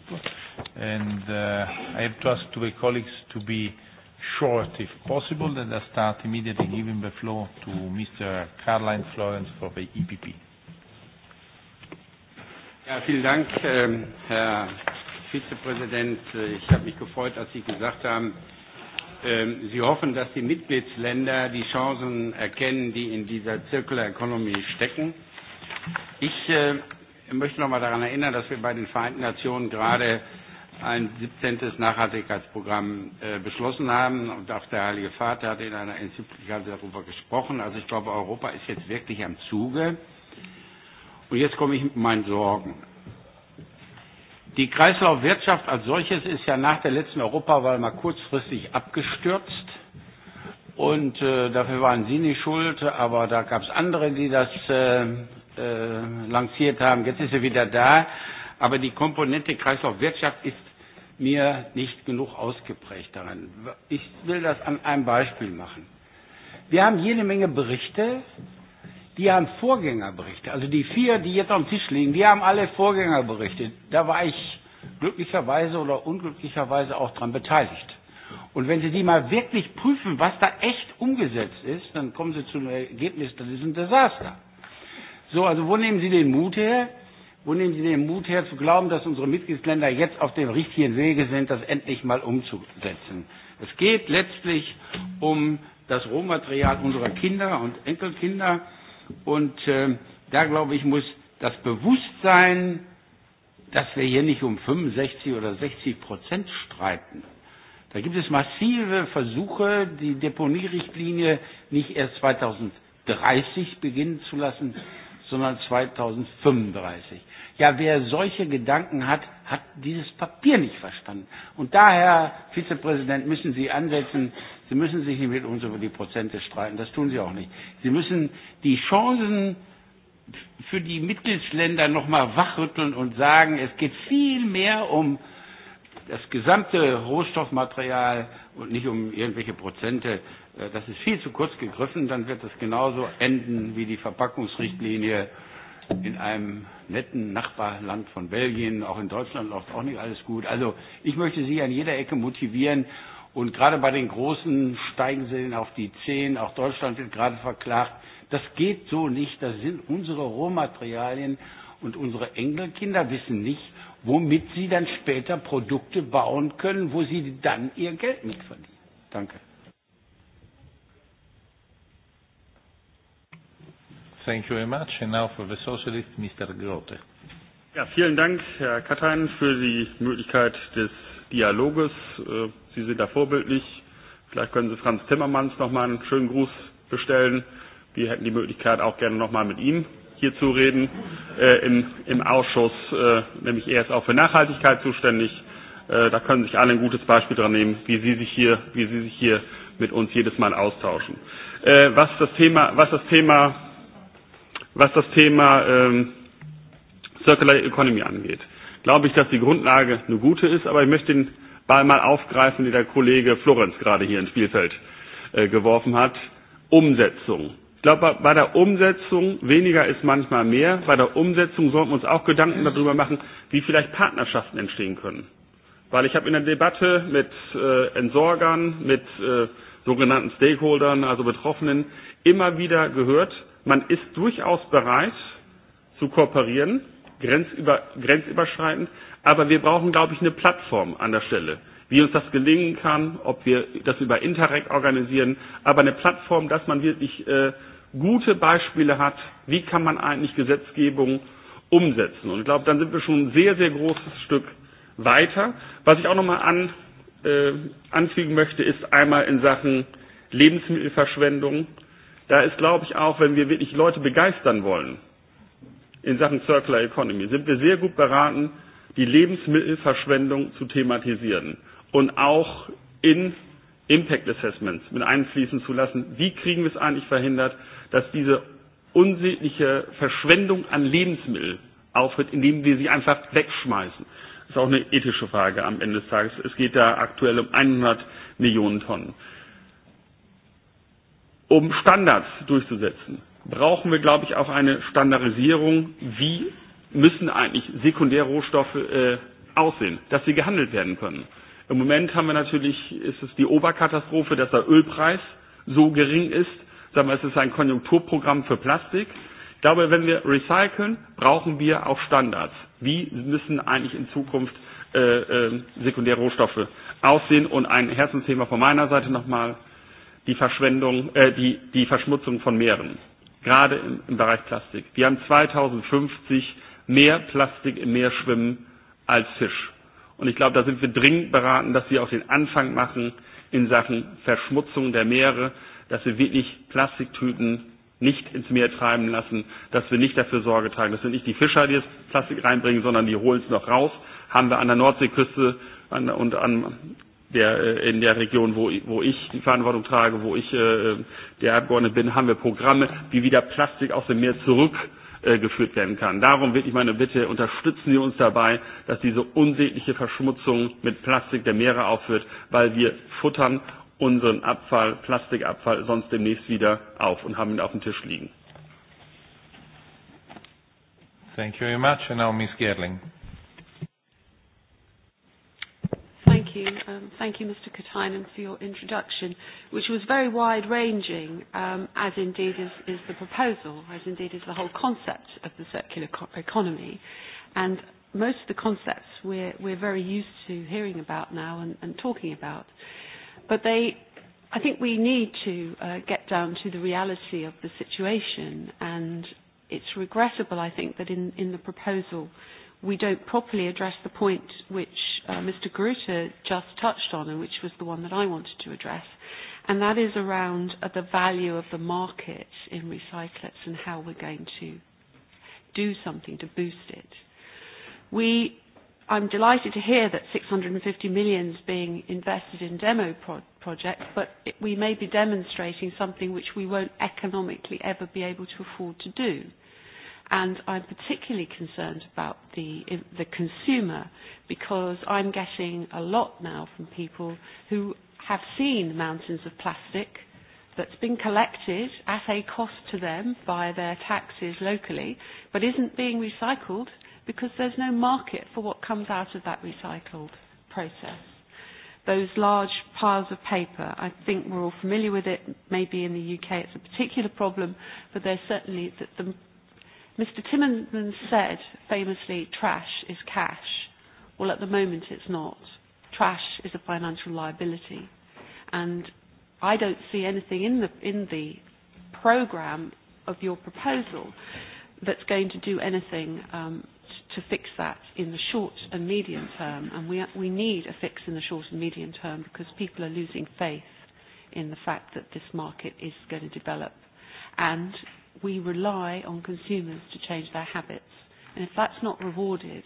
And uh, I have to ask to the colleagues to be short if possible, then I start immediately giving the floor to Mr. Karl-Heinz Florenz for the EPP. Ja, vielen Dank, ähm, Herr Vizepräsident. Ich habe mich gefreut, als Sie gesagt haben, ähm, Sie hoffen, dass die Mitgliedsländer die Chancen erkennen, die in dieser Circular Economy stecken. Ich äh, möchte noch mal daran erinnern, dass wir bei den Vereinten Nationen gerade ein 17. Nachhaltigkeitsprogramm äh, beschlossen haben. Und auch der Heilige Vater hat in einer Enzyklika darüber gesprochen. Also ich glaube, Europa ist jetzt wirklich am Zuge. Und jetzt komme ich mit meinen Sorgen. Die Kreislaufwirtschaft als solches ist ja nach der letzten Europawahl mal kurzfristig abgestürzt. Und äh, dafür waren Sie nicht schuld, aber da gab es andere, die das äh, äh, lanciert haben. Jetzt ist sie wieder da. Aber die Komponente Kreislaufwirtschaft ist mir nicht genug ausgeprägt darin. Ich will das an einem Beispiel machen. Wir haben jede Menge Berichte, die haben Vorgängerberichte. Also die vier, die jetzt am Tisch liegen, die haben alle Vorgängerberichte. Da war ich glücklicherweise oder unglücklicherweise auch daran beteiligt. Und wenn Sie die mal wirklich prüfen, was da echt umgesetzt ist, dann kommen Sie zu einem Ergebnis, das ist ein Desaster. So, also wo nehmen Sie den Mut her? Wo nehmen Sie den Mut her, zu glauben, dass unsere Mitgliedsländer jetzt auf dem richtigen Wege sind, das endlich mal umzusetzen? Es geht letztlich um das Rohmaterial unserer Kinder und Enkelkinder. Und äh, da, glaube ich, muss das Bewusstsein, dass wir hier nicht um 65 oder 60 Prozent streiten. Da gibt es massive Versuche, die Deponierichtlinie nicht erst 2030 beginnen zu lassen, sondern 2035. Ja, wer solche Gedanken hat, hat dieses Papier nicht verstanden. Und daher, Vizepräsident, müssen Sie ansetzen. Sie müssen sich nicht mit uns über die Prozente streiten. Das tun Sie auch nicht. Sie müssen die Chancen für die Mitgliedsländer noch mal wachrütteln und sagen, es geht viel mehr um das gesamte Rohstoffmaterial und nicht um irgendwelche Prozente. Äh, das ist viel zu kurz gegriffen. Dann wird es genauso enden wie die Verpackungsrichtlinie. Mhm in einem netten Nachbarland von Belgien, auch in Deutschland läuft auch nicht alles gut. Also ich möchte Sie an jeder Ecke motivieren und gerade bei den Großen steigen sie auf die Zehen, auch Deutschland wird gerade verklagt. Das geht so nicht, das sind unsere Rohmaterialien und unsere Enkelkinder wissen nicht, womit sie dann später Produkte bauen können, wo sie dann ihr Geld mitverdienen. Danke. Thank you very much. And now for the socialist, Mr. Grote. Ja, vielen Dank, Herr Katainen, für die Möglichkeit des Dialoges. Äh, Sie sind da vorbildlich. Vielleicht können Sie Franz Timmermans noch mal einen schönen Gruß bestellen. Wir hätten die Möglichkeit, auch gerne noch mal mit ihm hier zu reden äh, im, im Ausschuss. Äh, nämlich er ist auch für Nachhaltigkeit zuständig. Äh, da können sich alle ein gutes Beispiel dran nehmen, wie Sie sich hier, wie Sie sich hier mit uns jedes Mal austauschen. Äh, was das Thema, was das Thema was das Thema ähm, Circular Economy angeht, glaube ich, dass die Grundlage eine gute ist, aber ich möchte den Ball mal aufgreifen, den der Kollege Florenz gerade hier ins Spielfeld äh, geworfen hat. Umsetzung. Ich glaube, bei der Umsetzung weniger ist manchmal mehr. Bei der Umsetzung sollten wir uns auch Gedanken darüber machen, wie vielleicht Partnerschaften entstehen können. Weil ich habe in der Debatte mit äh, Entsorgern, mit äh, sogenannten Stakeholdern, also Betroffenen, immer wieder gehört, Man ist durchaus bereit zu kooperieren, grenzüber, grenzüberschreitend, aber wir brauchen, glaube ich, eine Plattform an der Stelle. Wie uns das gelingen kann, ob wir das über Interreg organisieren, aber eine Plattform, dass man wirklich äh, gute Beispiele hat, wie kann man eigentlich Gesetzgebung umsetzen. Und ich glaube, dann sind wir schon ein sehr, sehr großes Stück weiter. Was ich auch nochmal an, äh, anfügen möchte, ist einmal in Sachen Lebensmittelverschwendung. Da ist, glaube ich, auch, wenn wir wirklich Leute begeistern wollen in Sachen Circular Economy, sind wir sehr gut beraten, die Lebensmittelverschwendung zu thematisieren und auch in Impact Assessments mit einfließen zu lassen. Wie kriegen wir es eigentlich verhindert, dass diese unsägliche Verschwendung an Lebensmitteln auftritt, indem wir sie einfach wegschmeißen? Das ist auch eine ethische Frage am Ende des Tages. Es geht da aktuell um 100 Millionen Tonnen. Um Standards durchzusetzen, brauchen wir, glaube ich, auch eine Standardisierung, wie müssen eigentlich Sekundärrohstoffe äh, aussehen, dass sie gehandelt werden können. Im Moment haben wir natürlich, ist es die Oberkatastrophe, dass der Ölpreis so gering ist. Sagen wir, es ist ein Konjunkturprogramm für Plastik. Ich glaube, wenn wir recyceln, brauchen wir auch Standards. Wie müssen eigentlich in Zukunft äh, äh, Sekundärrohstoffe aussehen? Und ein Herzensthema von meiner Seite nochmal die Verschwendung, äh, die, die Verschmutzung von Meeren, gerade im, im Bereich Plastik. Wir haben 2050 mehr Plastik im Meer schwimmen als Fisch. Und ich glaube, da sind wir dringend beraten, dass wir auch den Anfang machen in Sachen Verschmutzung der Meere, dass wir wirklich Plastiktüten nicht ins Meer treiben lassen, dass wir nicht dafür Sorge tragen. Das sind nicht die Fischer, die das Plastik reinbringen, sondern die holen es noch raus. Haben wir an der Nordseeküste und an der, äh, in der Region, wo, wo ich die Verantwortung trage, wo ich äh, äh, der Abgeordnete bin, haben wir Programme, wie wieder Plastik aus dem Meer zurück äh, geführt werden kann. Darum ich meine Bitte, unterstützen Sie uns dabei, dass diese unsägliche Verschmutzung mit Plastik der Meere aufhört, weil wir futtern unseren Abfall, Plastikabfall sonst demnächst wieder auf und haben ihn auf dem Tisch liegen. Thank you very much. And now Ms. Gerling. you. Um, thank you, Mr. Katainen, for your introduction, which was very wide-ranging, um, as indeed is, is the proposal, as indeed is the whole concept of the circular co- economy. And most of the concepts we're, we're very used to hearing about now and, and talking about. But they, I think we need to uh, get down to the reality of the situation, and it's regrettable, I think, that in, in the proposal, we don't properly address the point which uh, Mr. Garuta just touched on and which was the one that I wanted to address, and that is around uh, the value of the market in recyclates and how we're going to do something to boost it. We, I'm delighted to hear that 650 million is being invested in demo pro- projects, but it, we may be demonstrating something which we won't economically ever be able to afford to do. And I'm particularly concerned about the, the consumer because I'm getting a lot now from people who have seen mountains of plastic that's been collected at a cost to them by their taxes locally, but isn't being recycled because there's no market for what comes out of that recycled process. Those large piles of paper, I think we're all familiar with it. Maybe in the UK it's a particular problem, but there's certainly the, the Mr. Timmerman said famously, trash is cash. Well, at the moment it's not. Trash is a financial liability. And I don't see anything in the, in the programme of your proposal that's going to do anything um, to fix that in the short and medium term. And we, we need a fix in the short and medium term because people are losing faith in the fact that this market is going to develop. And we rely on consumers to change their habits. And if that's not rewarded,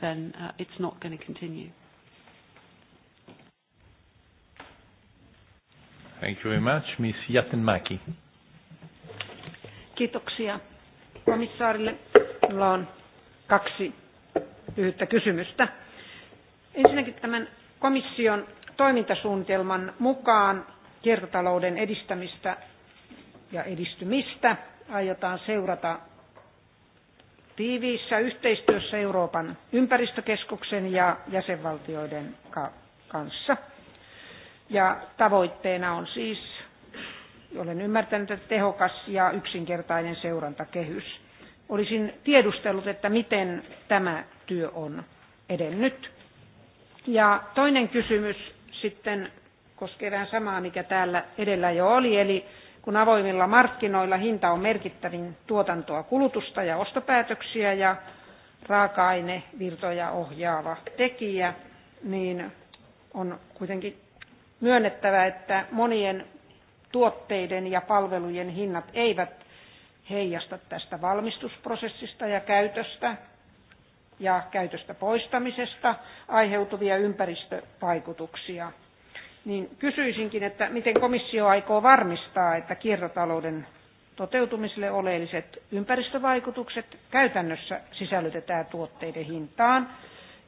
then uh, it's not going to continue. Thank you very much. Ms. Jätenmäki. Kiitoksia komissaarille. Minulla on kaksi lyhyttä kysymystä. Ensinnäkin tämän komission toimintasuunnitelman mukaan kiertotalouden edistämistä ja edistymistä aiotaan seurata tiiviissä yhteistyössä Euroopan ympäristökeskuksen ja jäsenvaltioiden kanssa. Ja tavoitteena on siis, olen ymmärtänyt, että tehokas ja yksinkertainen seurantakehys. Olisin tiedustellut, että miten tämä työ on edennyt. Ja toinen kysymys sitten koskee vähän samaa, mikä täällä edellä jo oli, eli kun avoimilla markkinoilla hinta on merkittävin tuotantoa kulutusta ja ostopäätöksiä ja raaka-ainevirtoja ohjaava tekijä, niin on kuitenkin myönnettävä, että monien tuotteiden ja palvelujen hinnat eivät heijasta tästä valmistusprosessista ja käytöstä ja käytöstä poistamisesta aiheutuvia ympäristövaikutuksia niin kysyisinkin, että miten komissio aikoo varmistaa, että kiertotalouden toteutumiselle oleelliset ympäristövaikutukset käytännössä sisällytetään tuotteiden hintaan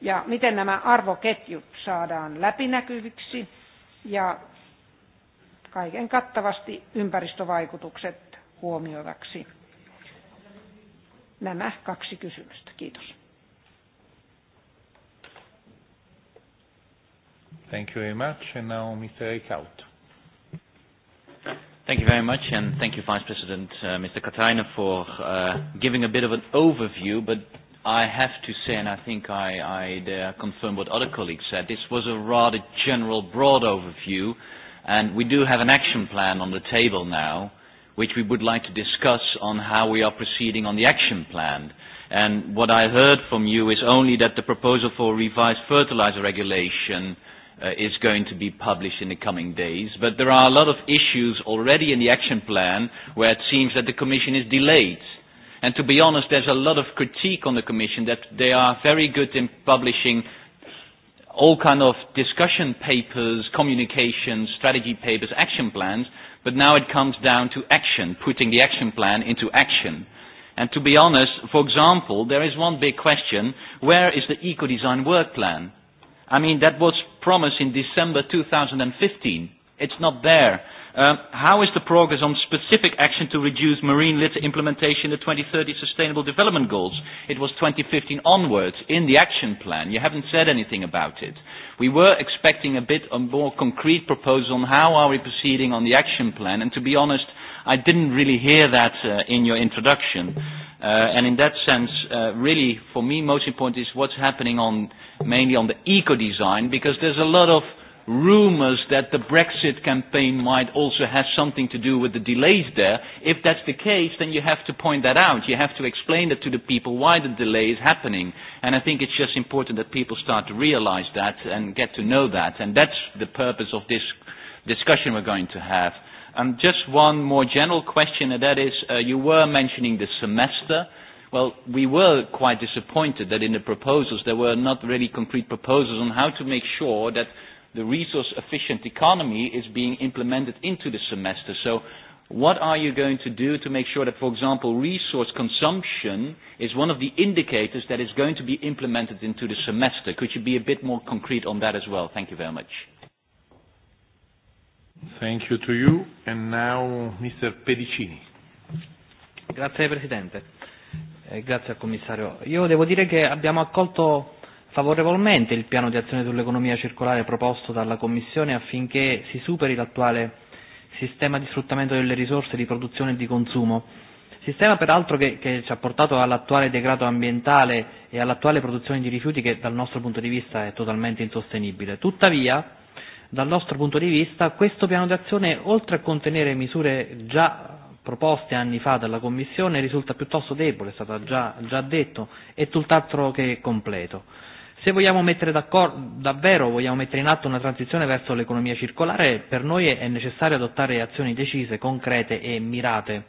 ja miten nämä arvoketjut saadaan läpinäkyviksi ja kaiken kattavasti ympäristövaikutukset huomioivaksi. Nämä kaksi kysymystä. Kiitos. Thank you very much. And now Mr. Eickhout. Thank you very much, and thank you, Vice President uh, Mr. Katainen, for uh, giving a bit of an overview. But I have to say, and I think I, I'd uh, confirm what other colleagues said, this was a rather general, broad overview, and we do have an action plan on the table now, which we would like to discuss on how we are proceeding on the action plan. And what I heard from you is only that the proposal for a revised fertilizer regulation uh, uh, is going to be published in the coming days. But there are a lot of issues already in the action plan where it seems that the Commission is delayed. And to be honest, there's a lot of critique on the Commission that they are very good in publishing all kind of discussion papers, communications, strategy papers, action plans, but now it comes down to action, putting the action plan into action. And to be honest, for example, there is one big question, where is the eco-design work plan? I mean, that was promise in December 2015. It's not there. Um, how is the progress on specific action to reduce marine litter implementation in the 2030 Sustainable Development Goals? It was 2015 onwards in the action plan. You haven't said anything about it. We were expecting a bit a more concrete proposal on how are we proceeding on the action plan, and to be honest, I didn't really hear that uh, in your introduction. Uh, and in that sense, uh, really, for me, most important is what's happening on mainly on the eco-design, because there's a lot of rumors that the Brexit campaign might also have something to do with the delays there. If that's the case, then you have to point that out. You have to explain that to the people why the delay is happening. And I think it's just important that people start to realize that and get to know that. And that's the purpose of this discussion we're going to have. And um, just one more general question, and that is, uh, you were mentioning the semester. Well, we were quite disappointed that in the proposals there were not really concrete proposals on how to make sure that the resource-efficient economy is being implemented into the semester. So what are you going to do to make sure that, for example, resource consumption is one of the indicators that is going to be implemented into the semester? Could you be a bit more concrete on that as well? Thank you very much. Thank you to you. And now Mr. Pedicini. Grazie Presidente, eh, grazie al Commissario. Io devo dire che abbiamo accolto favorevolmente il piano di azione sull'economia circolare proposto dalla Commissione affinché si superi l'attuale sistema di sfruttamento delle risorse di produzione e di consumo, sistema peraltro che, che ci ha portato all'attuale degrado ambientale e all'attuale produzione di rifiuti che dal nostro punto di vista è totalmente insostenibile. Tuttavia, dal nostro punto di vista questo piano d'azione, oltre a contenere misure già proposte anni fa dalla Commissione, risulta piuttosto debole, è stato già, già detto, e tutt'altro che completo. Se vogliamo mettere davvero vogliamo mettere in atto una transizione verso l'economia circolare, per noi è necessario adottare azioni decise, concrete e mirate.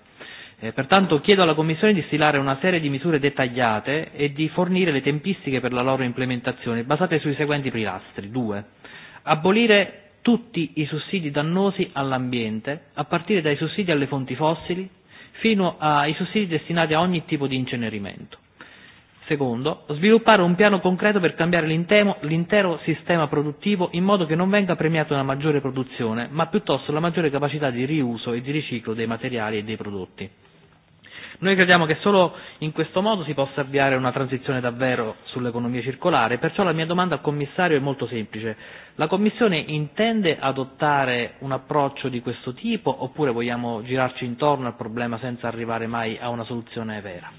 Eh, pertanto chiedo alla Commissione di stilare una serie di misure dettagliate e di fornire le tempistiche per la loro implementazione, basate sui seguenti pilastri. Due abolire tutti i sussidi dannosi all'ambiente, a partire dai sussidi alle fonti fossili fino ai sussidi destinati a ogni tipo di incenerimento. Secondo, sviluppare un piano concreto per cambiare l'intero sistema produttivo in modo che non venga premiata una maggiore produzione, ma piuttosto la maggiore capacità di riuso e di riciclo dei materiali e dei prodotti. Noi crediamo che solo in questo modo si possa avviare una transizione davvero sull'economia circolare, perciò la mia domanda al Commissario è molto semplice. La Commissione intende adottare un approccio di questo tipo oppure vogliamo girarci intorno al problema senza arrivare mai a una soluzione vera?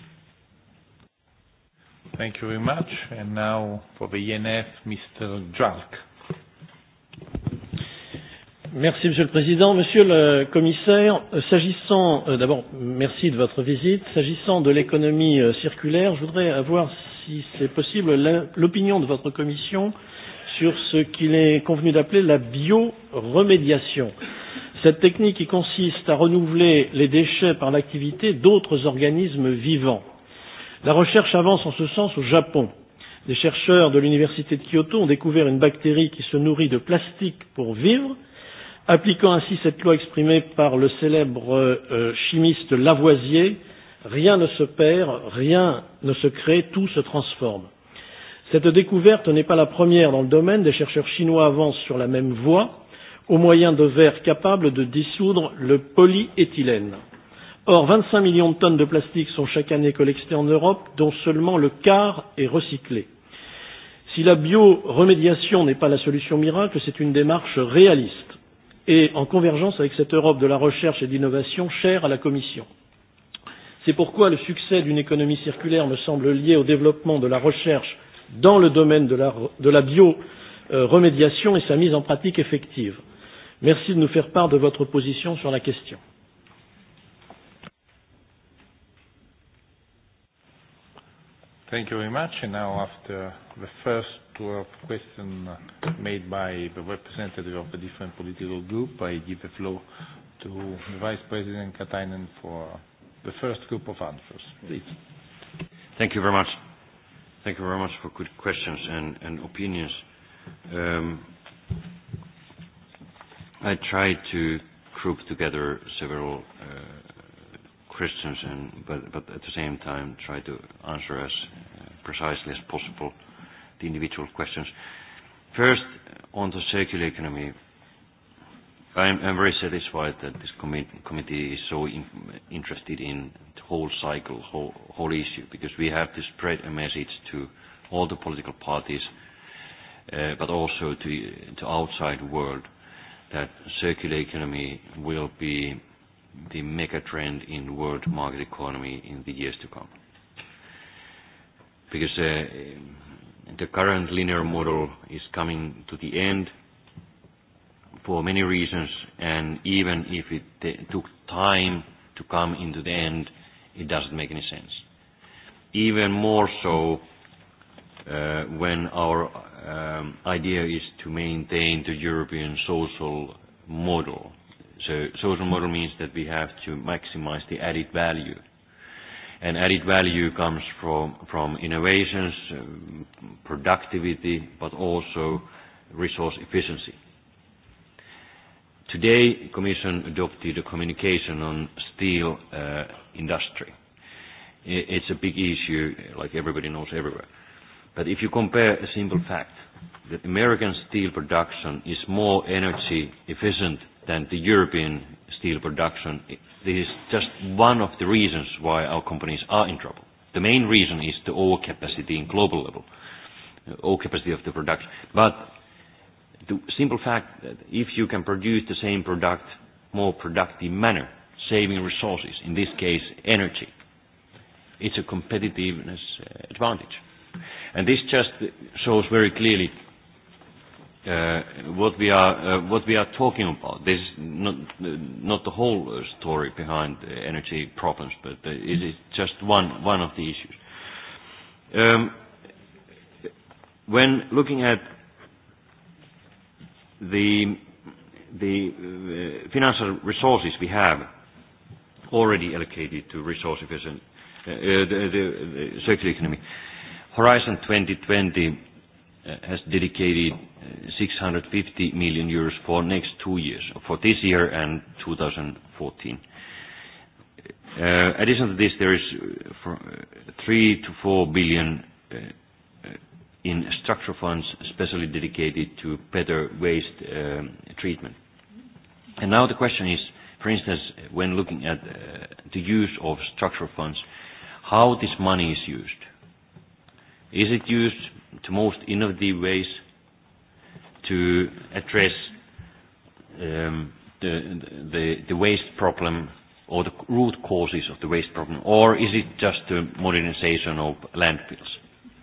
Thank you very much. And now for the ENF, Mr. Jalk. Merci, Monsieur le Président. Monsieur le Commissaire, euh, s'agissant euh, d'abord, merci de votre visite. S'agissant de l'économie euh, circulaire, je voudrais avoir, si c'est possible, l'opinion de votre Commission sur ce qu'il est convenu d'appeler la bioremédiation. Cette technique qui consiste à renouveler les déchets par l'activité d'autres organismes vivants. La recherche avance en ce sens au Japon. Des chercheurs de l'université de Kyoto ont découvert une bactérie qui se nourrit de plastique pour vivre Appliquant ainsi cette loi exprimée par le célèbre euh, chimiste Lavoisier, rien ne se perd, rien ne se crée, tout se transforme. Cette découverte n'est pas la première dans le domaine, des chercheurs chinois avancent sur la même voie, au moyen de verres capables de dissoudre le polyéthylène. Or, 25 millions de tonnes de plastique sont chaque année collectées en Europe, dont seulement le quart est recyclé. Si la bioremédiation n'est pas la solution miracle, c'est une démarche réaliste et en convergence avec cette Europe de la recherche et de l'innovation chère à la Commission. C'est pourquoi le succès d'une économie circulaire me semble lié au développement de la recherche dans le domaine de la, de la bioremédiation euh, et sa mise en pratique effective. Merci de nous faire part de votre position sur la question. Thank you very much. And now after the first to a question made by the representative of a different political group. I give the floor to Vice President Katainen for the first group of answers. Please. Thank you very much. Thank you very much for good questions and, and opinions. Um, I try to group together several uh, questions, and, but, but at the same time try to answer as uh, precisely as possible the individual questions. First, on the circular economy, I'm, I'm very satisfied that this commit, committee is so in, interested in the whole cycle, whole, whole issue, because we have to spread a message to all the political parties, uh, but also to the outside world, that circular economy will be the mega trend in world market economy in the years to come. Because uh, the current linear model is coming to the end for many reasons, and even if it took time to come into the end, it doesn't make any sense. Even more so uh, when our um, idea is to maintain the European social model. So social model means that we have to maximize the added value and added value comes from from innovations, uh, productivity, but also resource efficiency. Today, Commission adopted a communication on steel uh, industry. It's a big issue, like everybody knows everywhere. But If you compare a simple fact, that American steel production is more energy efficient than the European steel production, this is just one of the reasons why our companies are in trouble. The main reason is the overcapacity in global level, uh, overcapacity of the production. But the simple fact that if you can produce the same product more productive manner, saving resources, in this case energy, it's a competitiveness uh, advantage. And this just shows very clearly uh, what we are uh, what we are talking about. is not uh, not the whole uh, story behind uh, energy problems, but uh, it is just one one of the issues. Um, when looking at the the uh, financial resources we have already allocated to resource efficient uh, uh the, the, the circular economy, Horizon 2020 Uh, has dedicated 650 uh, million euros for next two years, for this year and 2014. Uh, addition to this, there is uh, from 3 to billion-4 billion uh, in structural funds, especially dedicated to better waste um, treatment. And Now the question is, for instance, when looking at uh, the use of structural funds, how this money is used. Is it used the most innovative ways to address um, the, the, the waste problem or the root causes of the waste problem, or is it just the modernization of landfills?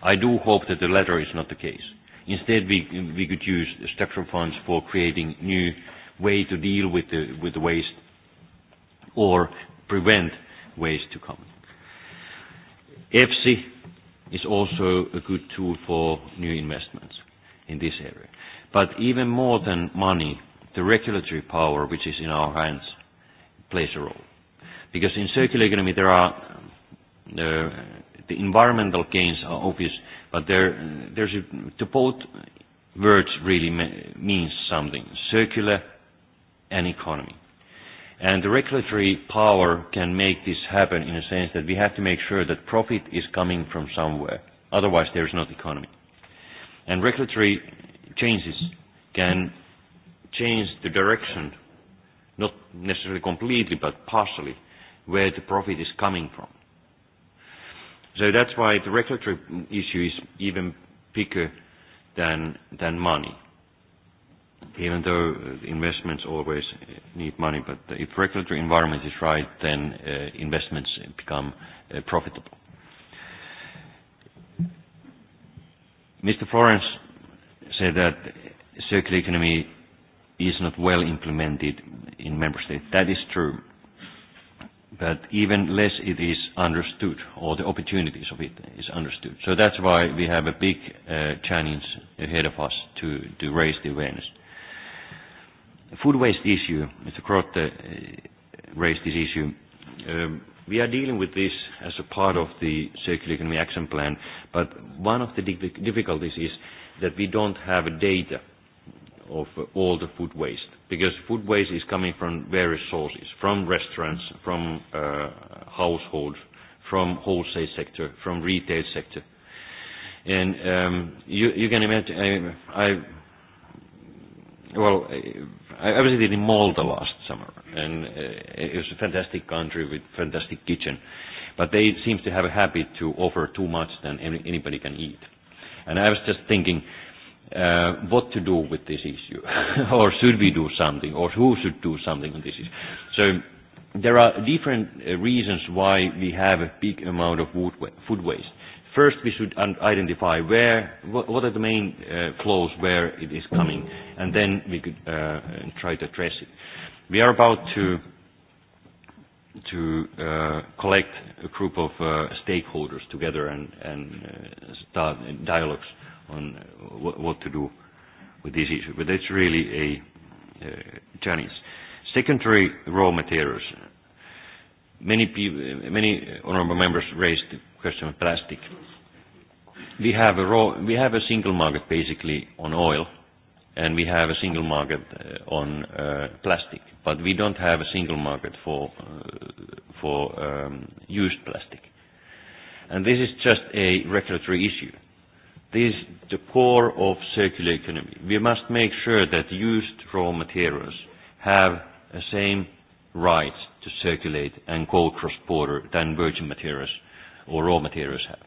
I do hope that the latter is not the case. Instead, we, we could use structural funds for creating new way to deal with the, with the waste or prevent waste to come. EFSI is also a good tool for new investments in this area. But even more than money, the regulatory power, which is in our hands, plays a role. Because in circular economy, there are the, uh, the environmental gains are obvious, but there, there's a, the both words really means something, circular and economy. And the regulatory power can make this happen in a sense that we have to make sure that profit is coming from somewhere. Otherwise, there is not economy. And regulatory changes can change the direction, not necessarily completely, but partially, where the profit is coming from. So that's why the regulatory issue is even bigger than, than money even though uh, investments always uh, need money, but if regulatory environment is right, then uh, investments become uh, profitable. Mr. Florence said that circular economy is not well implemented in member states. That is true. But even less it is understood, or the opportunities of it is understood. So that's why we have a big uh, challenge ahead of us to, to raise the awareness food waste issue, Mr. uh raised this issue. Um, we are dealing with this as a part of the Circular Economy Action Plan, but one of the difficulties is that we don't have data of uh, all the food waste, because food waste is coming from various sources, from restaurants, from uh, households, from wholesale sector, from retail sector. And um, you, you can imagine, I, I well, I, I visited in Malta last summer, and uh, it was a fantastic country with fantastic kitchen, but they seem to have a habit to offer too much than any, anybody can eat. And I was just thinking, uh, what to do with this issue, or should we do something, or who should do something on this issue. So there are different uh, reasons why we have a big amount of wood wa- food waste First, we should identify where, what are the main uh, flows where it is coming, and then we could uh, try to address it. We are about to to uh, collect a group of uh, stakeholders together and, and uh, start dialogues on uh, what, what to do with this issue. But that's really a uh, challenge. Secondary raw materials Many, people, many honourable members raised the question of plastic. We have a, raw, we have a single market basically on oil, and we have a single market uh, on uh, plastic, but we don't have a single market for, uh, for um, used plastic. And this is just a regulatory issue. This is the core of circular economy. We must make sure that used raw materials have the same rights to circulate and go cross-border than virgin materials or raw materials have.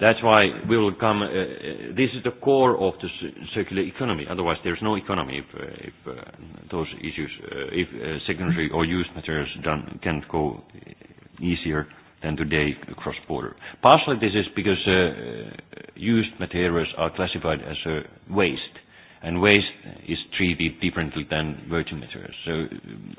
That's why we will come. Uh, uh this is the core of the circular economy. Otherwise, there's no economy if, uh, if uh, those issues, uh, if uh, secondary or used materials done, can't go easier than today cross border. Partially, this is because uh, uh, used materials are classified as a uh, waste, and waste is treated differently than virgin materials. So. Um,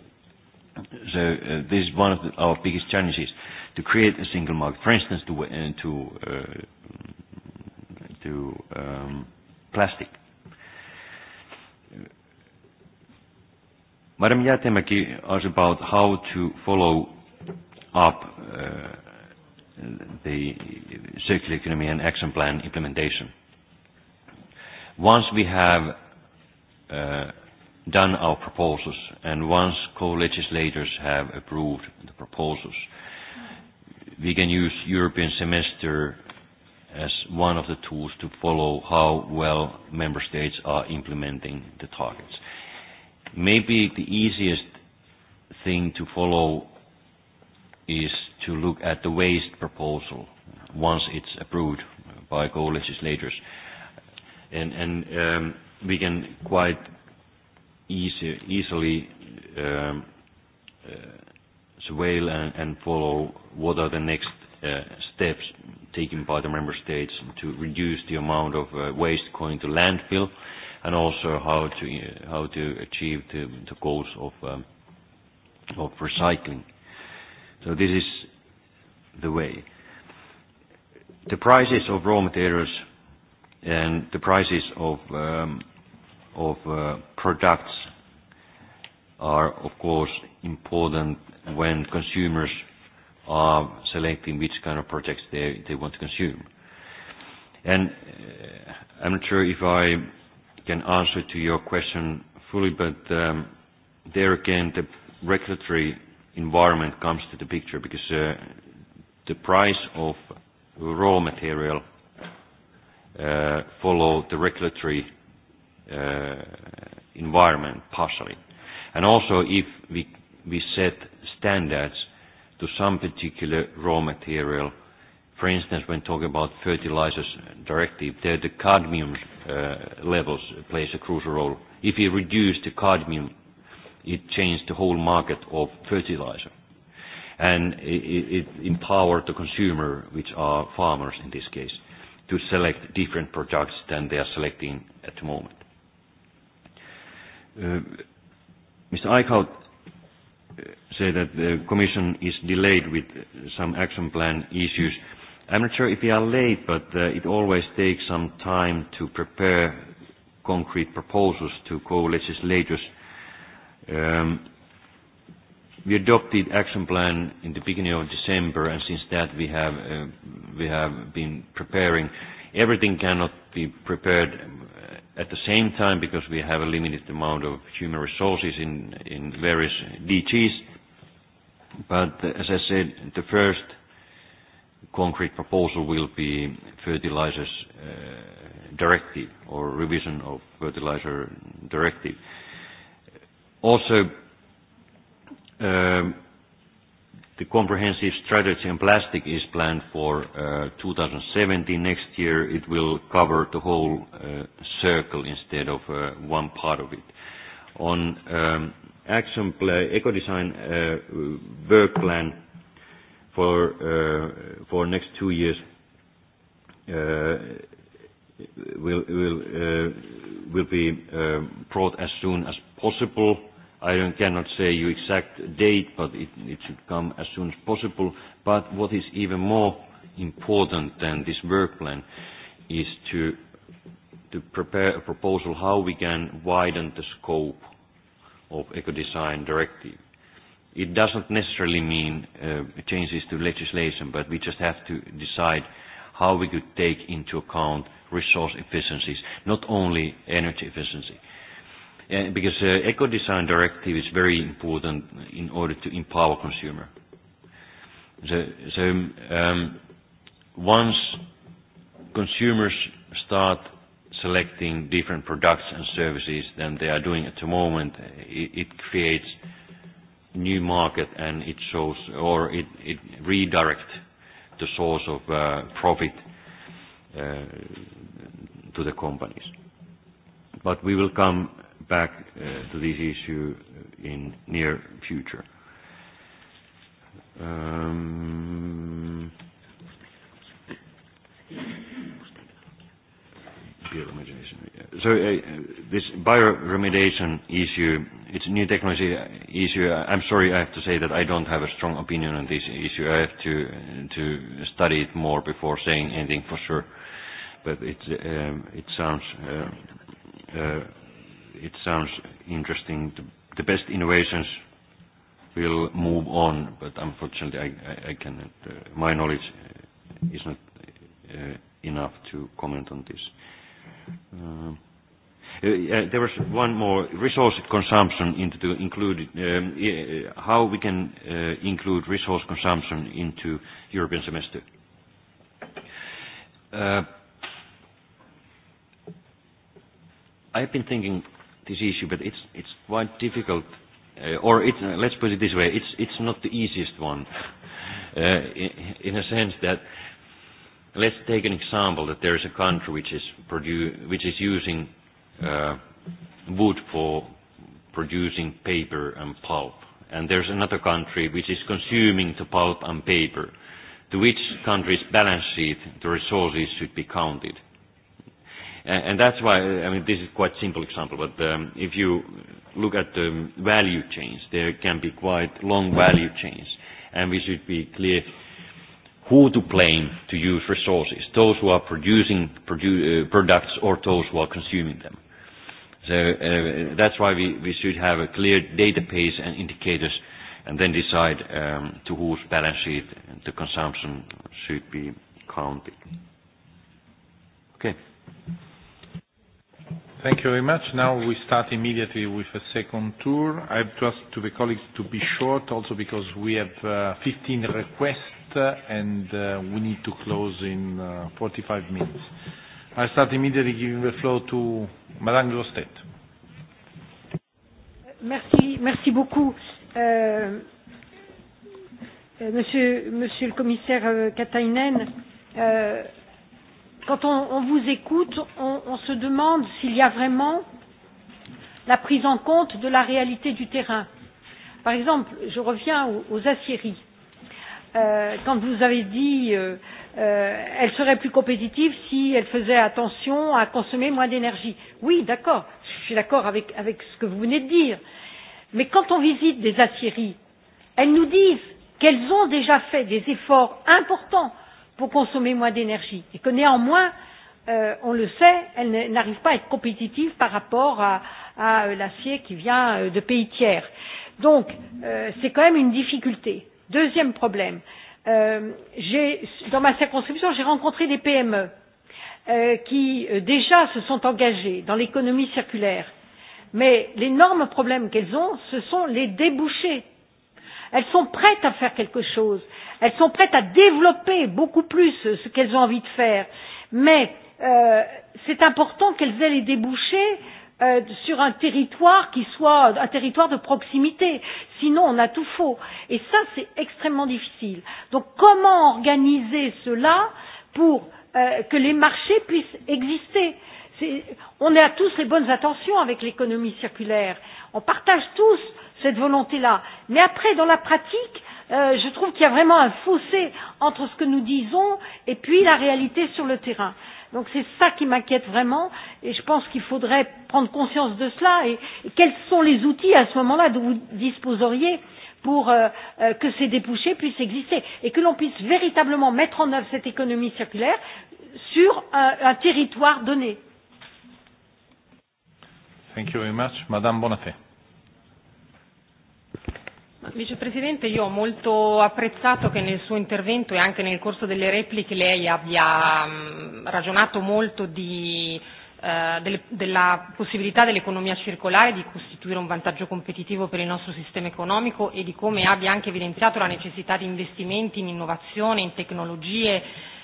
so uh, this is one of the, our biggest challenges to create a single market. For instance, to uh, to uh, to um, plastic. Madam Yatemaki asked about how to follow up uh, the circular economy and action plan implementation. Once we have uh, done our proposals, and once co-legislators have approved the proposals, we can use European semester as one of the tools to follow how well member states are implementing the targets. Maybe the easiest thing to follow is to look at the waste proposal once it's approved by co-legislators. And, and um, we can quite easy, easily um, uh, surveil and, and follow what are the next uh, steps taken by the member states to reduce the amount of uh, waste going to landfill, and also how to uh, how to achieve the, the goals of um, of recycling. So this is the way. The prices of raw materials and the prices of um, of uh, products are, of course, important when consumers are selecting which kind of projects they, they want to consume. And uh, I'm not sure if I can answer to your question fully, but um, there again, the regulatory environment comes to the picture because uh, the price of raw material uh, follow the regulatory uh, environment partially. And also if we, we set standards to some particular raw material, for instance, when talking about fertilizers directive, there the cadmium uh, levels plays a crucial role. If you reduce the cadmium, it changed the whole market of fertilizer. And it, it empowered the consumer, which are farmers in this case, to select different products than they are selecting at the moment. Uh, Mr. Eichhout uh, said that the Commission is delayed with some action plan issues. I'm not sure if we are late, but uh, it always takes some time to prepare concrete proposals to co-legislators. Um, we adopted action plan in the beginning of December, and since that we have uh, we have been preparing. Everything cannot be prepared At the same time, because we have a limited amount of human resources in, in various DGs, but as I said, the first concrete proposal will be fertilizers uh, directive or revision of fertilizer directive. Also, uh, The comprehensive strategy on plastic is planned for uh, 2017. Next year, it will cover the whole uh, circle instead of uh, one part of it. On um, action plan, eco-design uh, work plan for uh, for next two years uh, will will uh, will be uh, brought as soon as possible i cannot say you exact date, but it, it should come as soon as possible. But what is even more important than this work plan is to, to prepare a proposal how we can widen the scope of eco-design directive. It doesn't necessarily mean uh, changes to legislation, but we just have to decide how we could take into account resource efficiencies, not only energy efficiency. Yeah, uh, because uh, Eco-Design Directive is very important in order to empower consumer. So, so um, once consumers start selecting different products and services than they are doing at the moment, it, it creates new market and it shows or it, it redirects the source of uh, profit uh, to the companies. But we will come back uh, to this issue uh, in near future. Um, so uh, this bioremediation issue, it's a new technology issue. I'm sorry, I have to say that I don't have a strong opinion on this issue. I have to uh, to study it more before saying anything for sure. But it um, it sounds uh, uh, it sounds interesting. The, the best innovations will move on, but unfortunately, I, I, I cannot. Uh, my knowledge uh, is not uh, enough to comment on this. Um, uh, uh, there was one more resource consumption into included um, uh, how we can uh, include resource consumption into European semester. Uh, I've been thinking this issue, but it's, it's quite difficult, uh, or it, uh, let's put it this way, it's, it's not the easiest one, uh, in, in a sense that let's take an example that there is a country which is, produ- which is using uh, wood for producing paper and pulp, and there's another country which is consuming the pulp and paper. To which country's balance sheet the resources should be counted And that's why, I mean, this is quite simple example, but um, if you look at the value chains, there can be quite long value chains, and we should be clear who to blame to use resources, those who are producing produ uh, products or those who are consuming them. So uh, that's why we, we should have a clear database and indicators and then decide um, to whose balance sheet the consumption should be counted. Okay. Thank you very much. Now we start immediately with a second tour. I trust to the colleagues to be short also because we have uh, 15 requests uh, and uh, we need to close in uh, 45 minutes. I start immediately giving the floor to Madame Grostet. Merci, merci beaucoup. Euh, euh, monsieur, monsieur le commissaire euh, Katainen, quand on, on vous écoute, on, on se demande s'il y a vraiment la prise en compte de la réalité du terrain. Par exemple, je reviens aux, aux aciéries. Euh, quand vous avez dit euh, euh, elle serait plus compétitive si elle faisait attention à consommer moins d'énergie. Oui, d'accord, je suis d'accord avec, avec ce que vous venez de dire. Mais quand on visite des aciéries, elles nous disent qu'elles ont déjà fait des efforts importants pour consommer moins d'énergie et que néanmoins, euh, on le sait, elle n'arrive pas à être compétitive par rapport à, à euh, l'acier qui vient euh, de pays tiers. Donc, euh, c'est quand même une difficulté. Deuxième problème, euh, dans ma circonscription, j'ai rencontré des PME euh, qui euh, déjà se sont engagées dans l'économie circulaire, mais l'énorme problème qu'elles ont, ce sont les débouchés elles sont prêtes à faire quelque chose, elles sont prêtes à développer beaucoup plus ce qu'elles ont envie de faire, mais euh, c'est important qu'elles aient les débouchés euh, sur un territoire qui soit un territoire de proximité. Sinon, on a tout faux. Et ça, c'est extrêmement difficile. Donc, comment organiser cela pour euh, que les marchés puissent exister euh, est, on a tous les bonnes intentions avec l'économie circulaire. On partage tous cette volonté-là. Mais après, dans la pratique, euh, je trouve qu'il y a vraiment un fossé entre ce que nous disons et puis la réalité sur le terrain. Donc c'est ça qui m'inquiète vraiment et je pense qu'il faudrait prendre conscience de cela et, et quels sont les outils à ce moment-là dont vous disposeriez pour euh, euh, que ces débouchés puissent exister et que l'on puisse véritablement mettre en œuvre cette économie circulaire sur un, un territoire donné. Thank you very much. Madame Vicepresidente, io ho molto apprezzato che nel suo intervento e anche nel corso delle repliche lei abbia ragionato molto di, eh, delle, della possibilità dell'economia circolare di costituire un vantaggio competitivo per il nostro sistema economico e di come abbia anche evidenziato la necessità di investimenti in innovazione, in tecnologie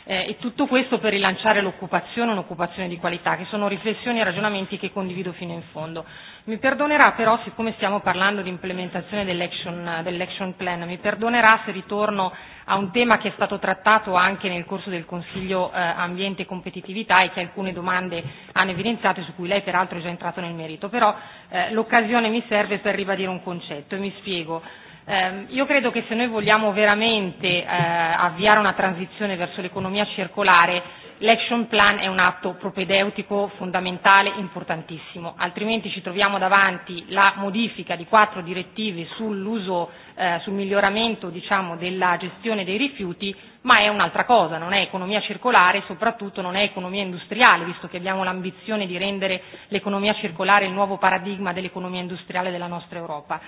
eh, e tutto questo per rilanciare l'occupazione, un'occupazione di qualità, che sono riflessioni e ragionamenti che condivido fino in fondo. Mi perdonerà però, siccome stiamo parlando di implementazione dell'action, dell'action plan, mi perdonerà se ritorno a un tema che è stato trattato anche nel corso del Consiglio eh, Ambiente e Competitività e che alcune domande hanno evidenziato e su cui lei peraltro è già entrato nel merito, però eh, l'occasione mi serve per ribadire un concetto e mi spiego. Eh, io credo che se noi vogliamo veramente eh, avviare una transizione verso l'economia circolare, l'action plan è un atto propedeutico fondamentale, importantissimo, altrimenti ci troviamo davanti la modifica di quattro direttive sull'uso, eh, sul miglioramento diciamo, della gestione dei rifiuti, ma è un'altra cosa, non è economia circolare, e soprattutto non è economia industriale, visto che abbiamo l'ambizione di rendere l'economia circolare il nuovo paradigma dell'economia industriale della nostra Europa.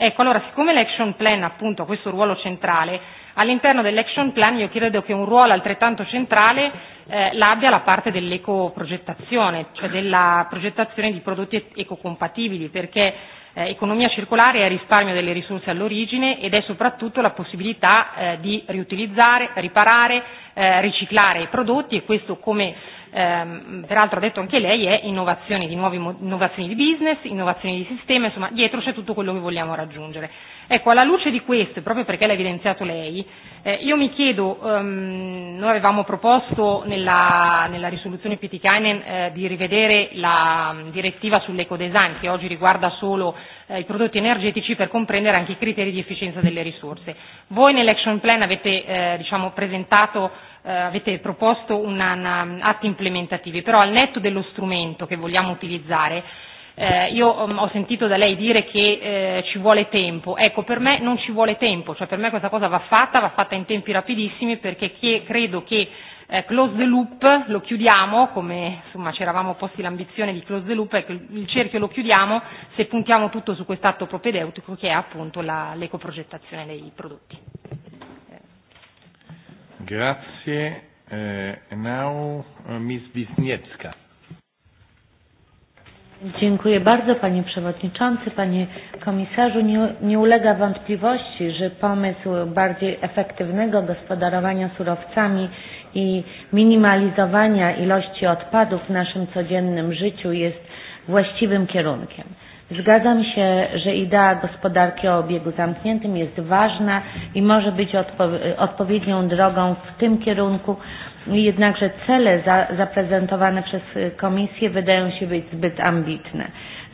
Ecco, allora siccome l'action plan appunto ha questo ruolo centrale, all'interno dell'action plan io credo che un ruolo altrettanto centrale eh, l'abbia la parte dell'ecoprogettazione, cioè della progettazione di prodotti e ecocompatibili, perché eh, economia circolare è risparmio delle risorse all'origine ed è soprattutto la possibilità eh, di riutilizzare, riparare, eh, riciclare i prodotti e questo come ehm, peraltro ha detto anche lei, è innovazioni di nuovi innovazioni di business, innovazioni di sistema, insomma dietro c'è tutto quello che vogliamo raggiungere. Ecco, alla luce di questo, proprio perché l'ha evidenziato lei, eh, io mi chiedo, ehm, noi avevamo proposto nella, nella risoluzione Pitikainen eh, di rivedere la mm, direttiva sull'ecodesign, che oggi riguarda solo eh, i prodotti energetici, per comprendere anche i criteri di efficienza delle risorse. Voi nell'action plan avete eh, diciamo, presentato eh, avete proposto un atti implementativi, però al netto dello strumento che vogliamo utilizzare, eh, io um, ho sentito da lei dire che eh, ci vuole tempo, ecco per me non ci vuole tempo, cioè per me questa cosa va fatta, va fatta in tempi rapidissimi perché che, credo che eh, close the loop lo chiudiamo, come insomma ci eravamo posti l'ambizione di close the loop, ecco, il cerchio lo chiudiamo se puntiamo tutto su quest'atto propedeutico che è appunto la, l'ecoprogettazione dei prodotti. Grazie. Eh, now, uh, eh, Ms. Wisniewska. Dziękuję bardzo Panie Przewodniczący, Panie Komisarzu. Nie, nie ulega wątpliwości, że pomysł bardziej efektywnego gospodarowania surowcami i minimalizowania ilości odpadów w naszym codziennym życiu jest właściwym kierunkiem. Zgadzam się, że idea gospodarki o obiegu zamkniętym jest ważna i może być odpo odpowiednią drogą w tym kierunku, jednakże cele za zaprezentowane przez Komisję wydają się być zbyt ambitne,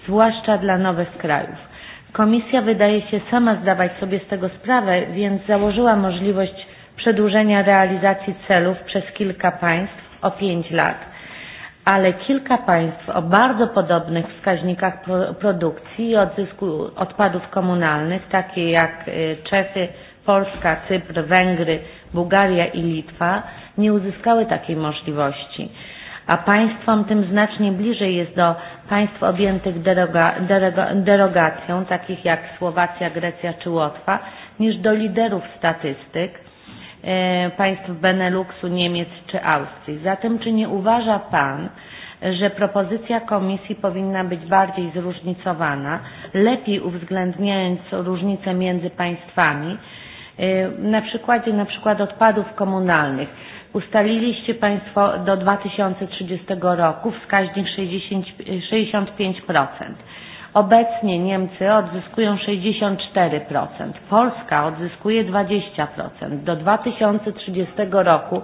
zwłaszcza dla nowych krajów. Komisja wydaje się sama zdawać sobie z tego sprawę, więc założyła możliwość przedłużenia realizacji celów przez kilka państw o pięć lat – ale kilka państw o bardzo podobnych wskaźnikach produkcji i odzysku odpadów komunalnych, takie jak Czechy, Polska, Cypr, Węgry, Bułgaria i Litwa, nie uzyskały takiej możliwości. A państwom tym znacznie bliżej jest do państw objętych deroga, deroga, derogacją, takich jak Słowacja, Grecja czy Łotwa, niż do liderów statystyk, E, państw Beneluxu, Niemiec czy Austrii. Zatem czy nie uważa Pan, że propozycja Komisji powinna być bardziej zróżnicowana, lepiej uwzględniając różnice między państwami, e, na przykładzie na przykład odpadów komunalnych. Ustaliliście Państwo do 2030 roku wskaźnik 60, 65%. Obecnie Niemcy odzyskują 64%, Polska odzyskuje 20%. Do 2030 roku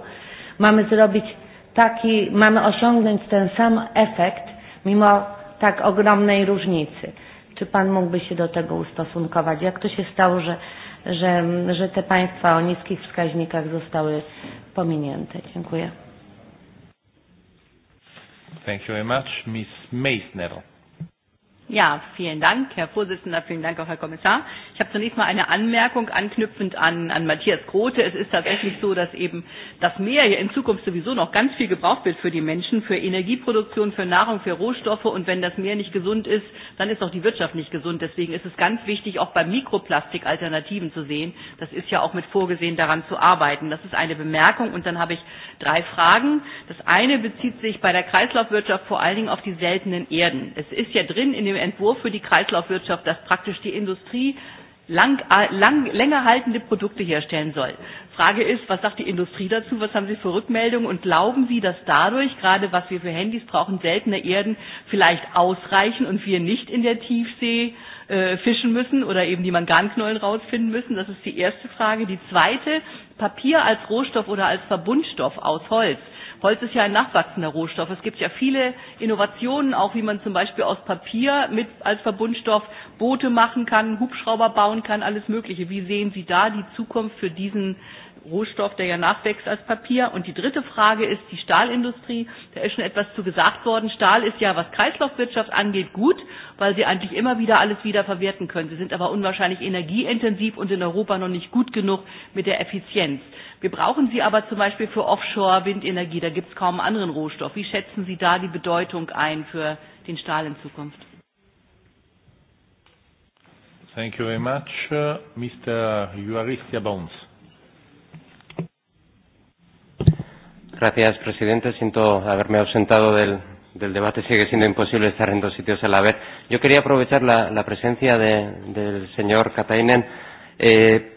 mamy zrobić taki, mamy osiągnąć ten sam efekt mimo tak ogromnej różnicy. Czy Pan mógłby się do tego ustosunkować? Jak to się stało, że, że, że te państwa o niskich wskaźnikach zostały pominięte? Dziękuję. Thank you very much. Ms. Ja, vielen Dank, Herr Vorsitzender, vielen Dank auch, Herr Kommissar. Ich habe zunächst mal eine Anmerkung anknüpfend an, an Matthias Grote. Es ist tatsächlich so, dass eben das Meer hier in Zukunft sowieso noch ganz viel gebraucht wird für die Menschen, für Energieproduktion, für Nahrung, für Rohstoffe. Und wenn das Meer nicht gesund ist, dann ist auch die Wirtschaft nicht gesund. Deswegen ist es ganz wichtig, auch bei Mikroplastik Alternativen zu sehen. Das ist ja auch mit vorgesehen, daran zu arbeiten. Das ist eine Bemerkung. Und dann habe ich drei Fragen. Das eine bezieht sich bei der Kreislaufwirtschaft vor allen Dingen auf die seltenen Erden. Es ist ja drin in dem Entwurf für die Kreislaufwirtschaft, dass praktisch die Industrie lang, äh, lang, länger haltende Produkte herstellen soll. Frage ist, was sagt die Industrie dazu? Was haben Sie für Rückmeldungen? Und glauben Sie, dass dadurch, gerade was wir für Handys brauchen, seltene Erden vielleicht ausreichen und wir nicht in der Tiefsee äh, fischen müssen oder eben die Manganknollen rausfinden müssen? Das ist die erste Frage. Die zweite, Papier als Rohstoff oder als Verbundstoff aus Holz Holz ist ja ein nachwachsender Rohstoff. Es gibt ja viele Innovationen, auch wie man zum Beispiel aus Papier mit als Verbundstoff Boote machen kann, Hubschrauber bauen kann, alles Mögliche. Wie sehen Sie da die Zukunft für diesen Rohstoff, der ja nachwächst als Papier. Und die dritte Frage ist die Stahlindustrie. Da ist schon etwas zu gesagt worden. Stahl ist ja, was Kreislaufwirtschaft angeht, gut, weil sie eigentlich immer wieder alles wieder verwerten können. Sie sind aber unwahrscheinlich energieintensiv und in Europa noch nicht gut genug mit der Effizienz. Wir brauchen sie aber zum Beispiel für Offshore-Windenergie. Da gibt es kaum einen anderen Rohstoff. Wie schätzen Sie da die Bedeutung ein für den Stahl in Zukunft? Thank you very much. Uh, Mr. Juaristia Bones. Gracias, presidente. Siento haberme ausentado del, del debate. Sigue siendo imposible estar en dos sitios a la vez. Yo quería aprovechar la, la presencia de, del señor Katainen eh,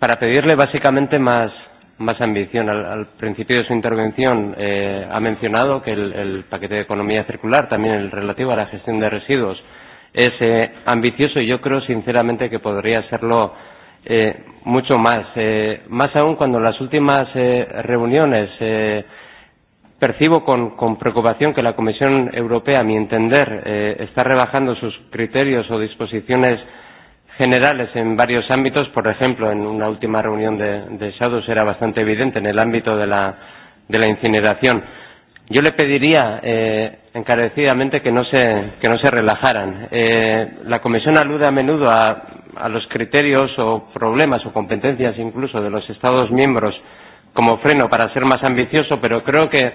para pedirle básicamente más, más ambición. Al, al principio de su intervención eh, ha mencionado que el, el paquete de economía circular, también el relativo a la gestión de residuos, es eh, ambicioso y yo creo sinceramente que podría serlo eh, mucho más. Eh, más aún cuando en las últimas eh, reuniones eh, percibo con, con preocupación que la Comisión Europea, a mi entender, eh, está rebajando sus criterios o disposiciones generales en varios ámbitos. Por ejemplo, en una última reunión de, de Shadows era bastante evidente en el ámbito de la, de la incineración. Yo le pediría eh, encarecidamente que no se, que no se relajaran. Eh, la Comisión alude a menudo a, a los criterios o problemas o competencias incluso de los Estados miembros como freno para ser más ambicioso, pero creo que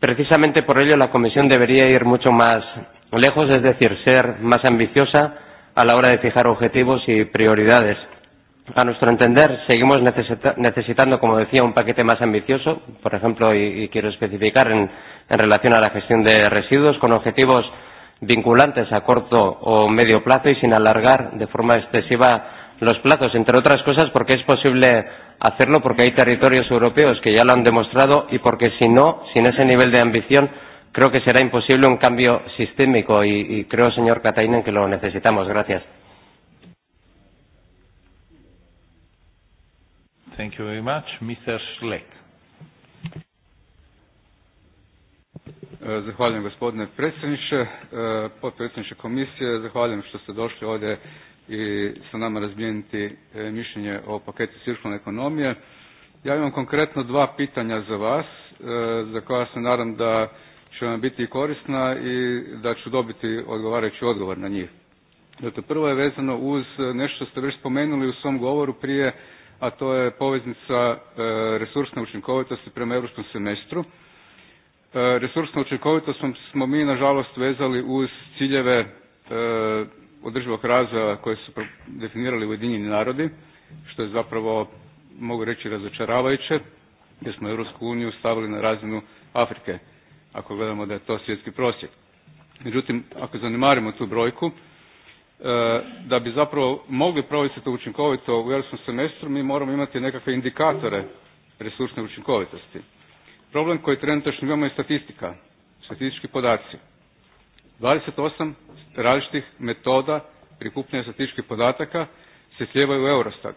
precisamente por ello la Comisión debería ir mucho más lejos, es decir, ser más ambiciosa a la hora de fijar objetivos y prioridades. A nuestro entender, seguimos necesita necesitando, como decía, un paquete más ambicioso, por ejemplo, y, y quiero especificar en, en relación a la gestión de residuos, con objetivos vinculantes a corto o medio plazo y sin alargar de forma excesiva los plazos, entre otras cosas porque es posible hacerlo porque hay territorios europeos que ya lo han demostrado y porque si no, sin ese nivel de ambición, creo que será imposible un cambio sistémico y, y creo, señor Katainen, que lo necesitamos. Gracias. Thank you very much. Mr. Schleck. E, zahvaljujem gospodine predsjedniče, e, potpredsjedniče komisije, zahvaljujem što ste došli ovdje i sa nama razmijeniti e, mišljenje o paketu cirkulne ekonomije. Ja imam konkretno dva pitanja za vas, za koja se naravno da će vam biti korisna i da ću dobiti odgovarajući odgovor na njih. Dakle, prvo je vezano uz nešto što ste već spomenuli u svom govoru prije, a to je poveznica e, resursne učinkovitosti prema europskom semestru. E, Resursna učinkovitost smo mi nažalost vezali uz ciljeve e, održivog razvoja koje su definirali Ujedinjeni narodi, što je zapravo, mogu reći, razočaravajuće, jer smo Europsku uniju stavili na razinu Afrike ako gledamo da je to svjetski prosjek. Međutim, ako zanimarimo tu brojku, e, da bi zapravo mogli provesti to učinkovito u europskom semestru, mi moramo imati nekakve indikatore resursne učinkovitosti. Problem koji trenutno imamo je statistika, statistički podaci. 28 različitih metoda prikupljanja statističkih podataka se sljevaju u Eurostat.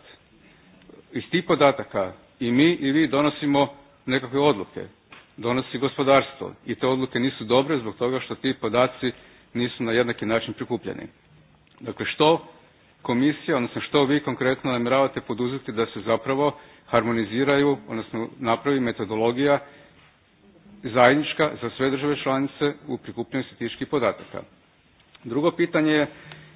Iz tih podataka i mi i vi donosimo nekakve odluke donosi gospodarstvo i te odluke nisu dobre zbog toga što ti podaci nisu na jednaki način prikupljeni. Dakle, što komisija, odnosno što vi konkretno namjeravate poduzeti da se zapravo harmoniziraju, odnosno napravi metodologija zajednička za sve države članice u prikupljenju statističkih podataka. Drugo pitanje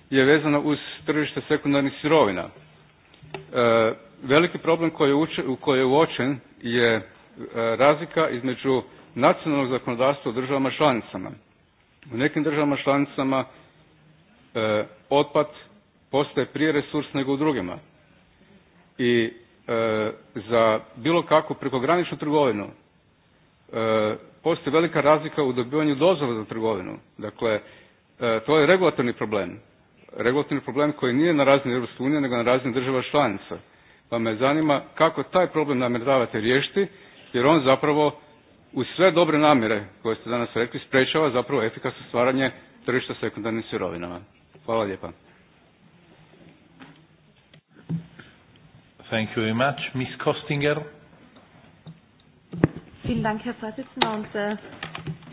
je vezano uz tržište sekundarnih sirovina. E, veliki problem koji je, uče, koji je uočen je E, razlika između nacionalnog zakonodavstva u državama članicama. U nekim državama članicama e, otpad postaje prije resurs nego u drugima. I e, za bilo kakvu prekograničnu trgovinu e, postoji velika razlika u dobivanju dozvola za trgovinu. Dakle, e, to je regulatorni problem. Regulatorni problem koji nije na razini Europske unije, nego na razini država članica. Pa me zanima kako taj problem namjeravate riješiti, jer on zapravo u sve dobre namjere koje ste danas rekli sprečava zapravo efikasno stvaranje tržišta sekundarnim sirovinama. Hvala lijepa. Thank you very much. Miss Kostinger. Vielen Dank, Herr Vorsitzender, und äh,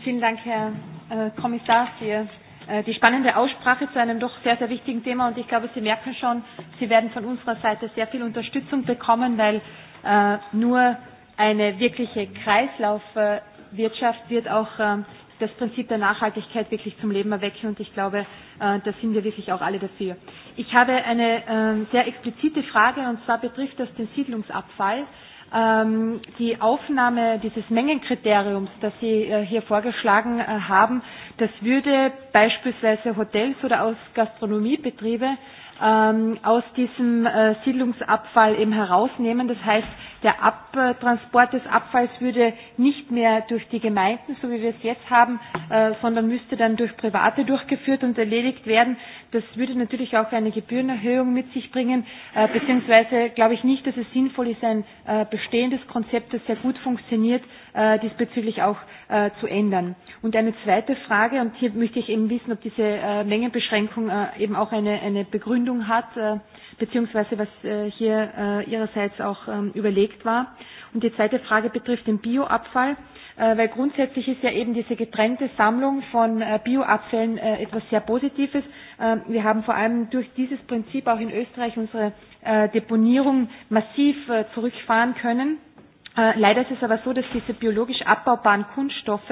vielen Dank, Herr äh, Kommissar, für äh, die spannende Aussprache zu einem doch sehr, sehr wichtigen Thema. Und ich glaube, Sie merken schon, Sie werden von unserer Seite sehr viel Unterstützung bekommen, weil äh, nur eine wirkliche Kreislaufwirtschaft wird auch ähm, das Prinzip der Nachhaltigkeit wirklich zum Leben erwecken und ich glaube, äh, da sind wir wirklich auch alle dafür. Ich habe eine ähm, sehr explizite Frage und zwar betrifft das den Siedlungsabfall. Ähm, die Aufnahme dieses Mengenkriteriums, das Sie äh, hier vorgeschlagen äh, haben, das würde beispielsweise Hotels oder aus Gastronomiebetriebe aus diesem Siedlungsabfall eben herausnehmen. Das heißt, der Abtransport äh, des Abfalls würde nicht mehr durch die Gemeinden, so wie wir es jetzt haben, äh, sondern müsste dann durch Private durchgeführt und erledigt werden. Das würde natürlich auch eine Gebührenerhöhung mit sich bringen, äh, beziehungsweise glaube ich nicht, dass es sinnvoll ist, ein bestehendes Konzept, das sehr gut funktioniert, diesbezüglich auch zu ändern. Und eine zweite Frage, und hier möchte ich eben wissen, ob diese Mengenbeschränkung eben auch eine, eine Begründung hat, äh, beziehungsweise was äh, hier äh, Ihrerseits auch ähm, überlegt war. Und die zweite Frage betrifft den Bioabfall, äh, weil grundsätzlich ist ja eben diese getrennte Sammlung von Bioabfällen etwas sehr Positives. Ähm, wir haben vor allem durch dieses Prinzip auch in Österreich unsere Deponierung massiv zurückfahren können. Äh, leider ist es aber so, dass diese biologisch abbaubaren Kunststoffe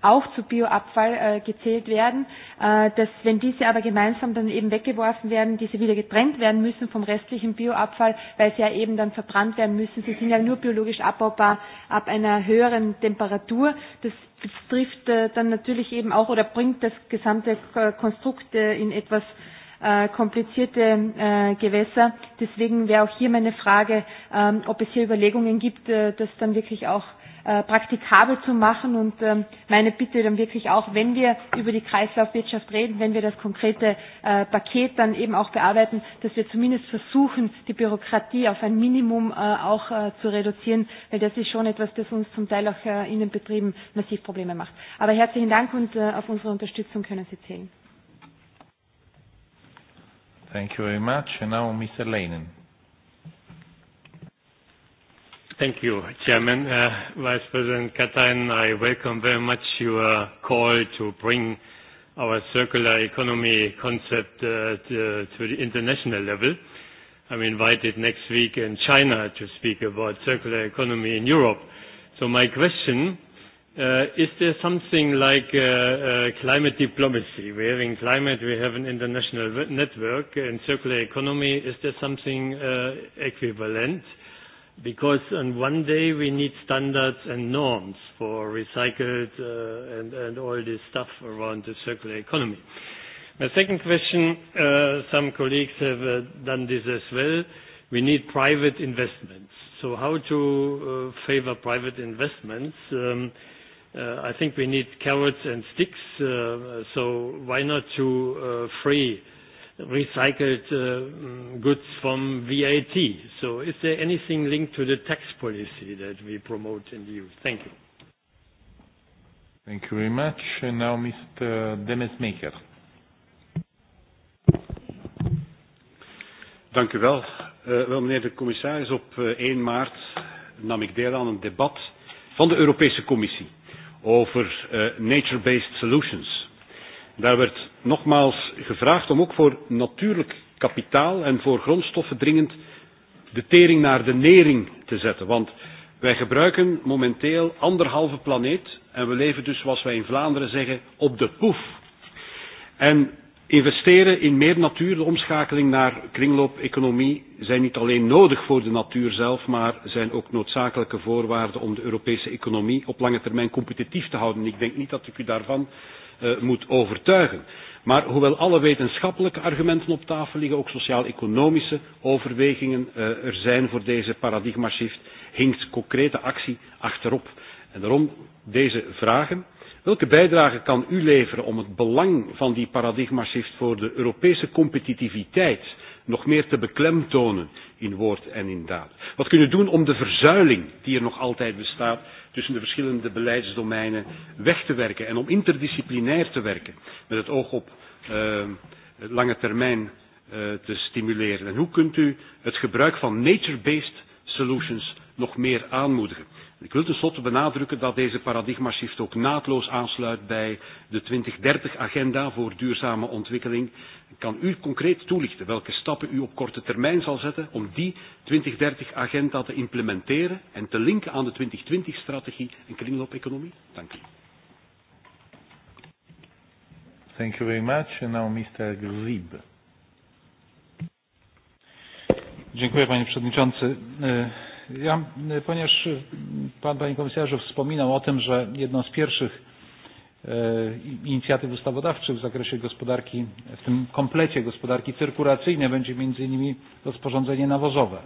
auch zu Bioabfall äh, gezählt werden, äh, dass wenn diese aber gemeinsam dann eben weggeworfen werden, diese wieder getrennt werden müssen vom restlichen Bioabfall, weil sie ja eben dann verbrannt werden müssen. Sie sind ja nur biologisch abbaubar ab einer höheren Temperatur. Das betrifft äh, dann natürlich eben auch oder bringt das gesamte äh, Konstrukt äh, in etwas äh, komplizierte äh, Gewässer. Deswegen wäre auch hier meine Frage, ähm, ob es hier Überlegungen gibt, äh, das dann wirklich auch äh, praktikabel zu machen. Und ähm, meine Bitte dann wirklich auch, wenn wir über die Kreislaufwirtschaft reden, wenn wir das konkrete äh, Paket dann eben auch bearbeiten, dass wir zumindest versuchen, die Bürokratie auf ein Minimum äh, auch äh, zu reduzieren, weil das ist schon etwas, das uns zum Teil auch äh, in den Betrieben massiv Probleme macht. Aber herzlichen Dank und äh, auf unsere Unterstützung können Sie zählen. Thank you very much. And now Mr. Leinen. Thank you, Chairman. Uh, Vice President Katainen, I welcome very much your call to bring our circular economy concept uh, to, to the international level. I'm invited next week in China to speak about circular economy in Europe. So my question Uh, is there something like uh, uh, climate diplomacy? We're having climate, we have an international network and uh, circular economy. Is there something uh, equivalent? Because on one day we need standards and norms for recycled uh, and, and all this stuff around the circular economy. My second question, uh, some colleagues have uh, done this as well. We need private investments. So how to uh, favor private investments? Um, uh, I think we need carrots and sticks. Uh, so why not to uh, free recycled uh, mm, goods from VAT? So is there anything linked to the tax policy that we promote in the EU? Thank you. Thank you very much. And now Mr. Demesmaker. Dank u wel. Uh, wel, meneer de commissaris, op uh, 1 maart nam ik deel aan een debat van de Europese Commissie over uh, nature-based solutions. Daar werd nogmaals gevraagd om ook voor natuurlijk kapitaal en voor grondstoffen dringend de tering naar de nering te zetten. Want wij gebruiken momenteel anderhalve planeet en we leven dus, zoals wij in Vlaanderen zeggen, op de poef. En Investeren in meer natuur, de omschakeling naar kringloop-economie, zijn niet alleen nodig voor de natuur zelf, maar zijn ook noodzakelijke voorwaarden om de Europese economie op lange termijn competitief te houden. Ik denk niet dat ik u daarvan uh, moet overtuigen. Maar hoewel alle wetenschappelijke argumenten op tafel liggen, ook sociaal-economische overwegingen uh, er zijn voor deze paradigma-shift, hinkt concrete actie achterop. En daarom deze vragen Welke bijdrage kan u leveren om het belang van die paradigma shift voor de Europese competitiviteit nog meer te beklemtonen in woord en in daad? Wat kunnen we doen om de verzuiling die er nog altijd bestaat tussen de verschillende beleidsdomeinen weg te werken en om interdisciplinair te werken met het oog op uh, lange termijn uh, te stimuleren? En hoe kunt u het gebruik van nature-based solutions nog meer aanmoedigen? Ik wil tenslotte benadrukken dat deze paradigmashift ook naadloos aansluit bij de 2030-agenda voor duurzame ontwikkeling. Kan u concreet toelichten welke stappen u op korte termijn zal zetten om die 2030-agenda te implementeren en te linken aan de 2020-strategie en kringloop-economie? Dank u. Thank you very much. And now Mr. Grzyb. Dziękuję panie przewodniczący. E, ja, ponieważ Pan, Panie Komisarzu, wspominał o tym, że jedną z pierwszych e, inicjatyw ustawodawczych w zakresie gospodarki, w tym komplecie gospodarki cyrkulacyjnej będzie między innymi rozporządzenie nawozowe, e,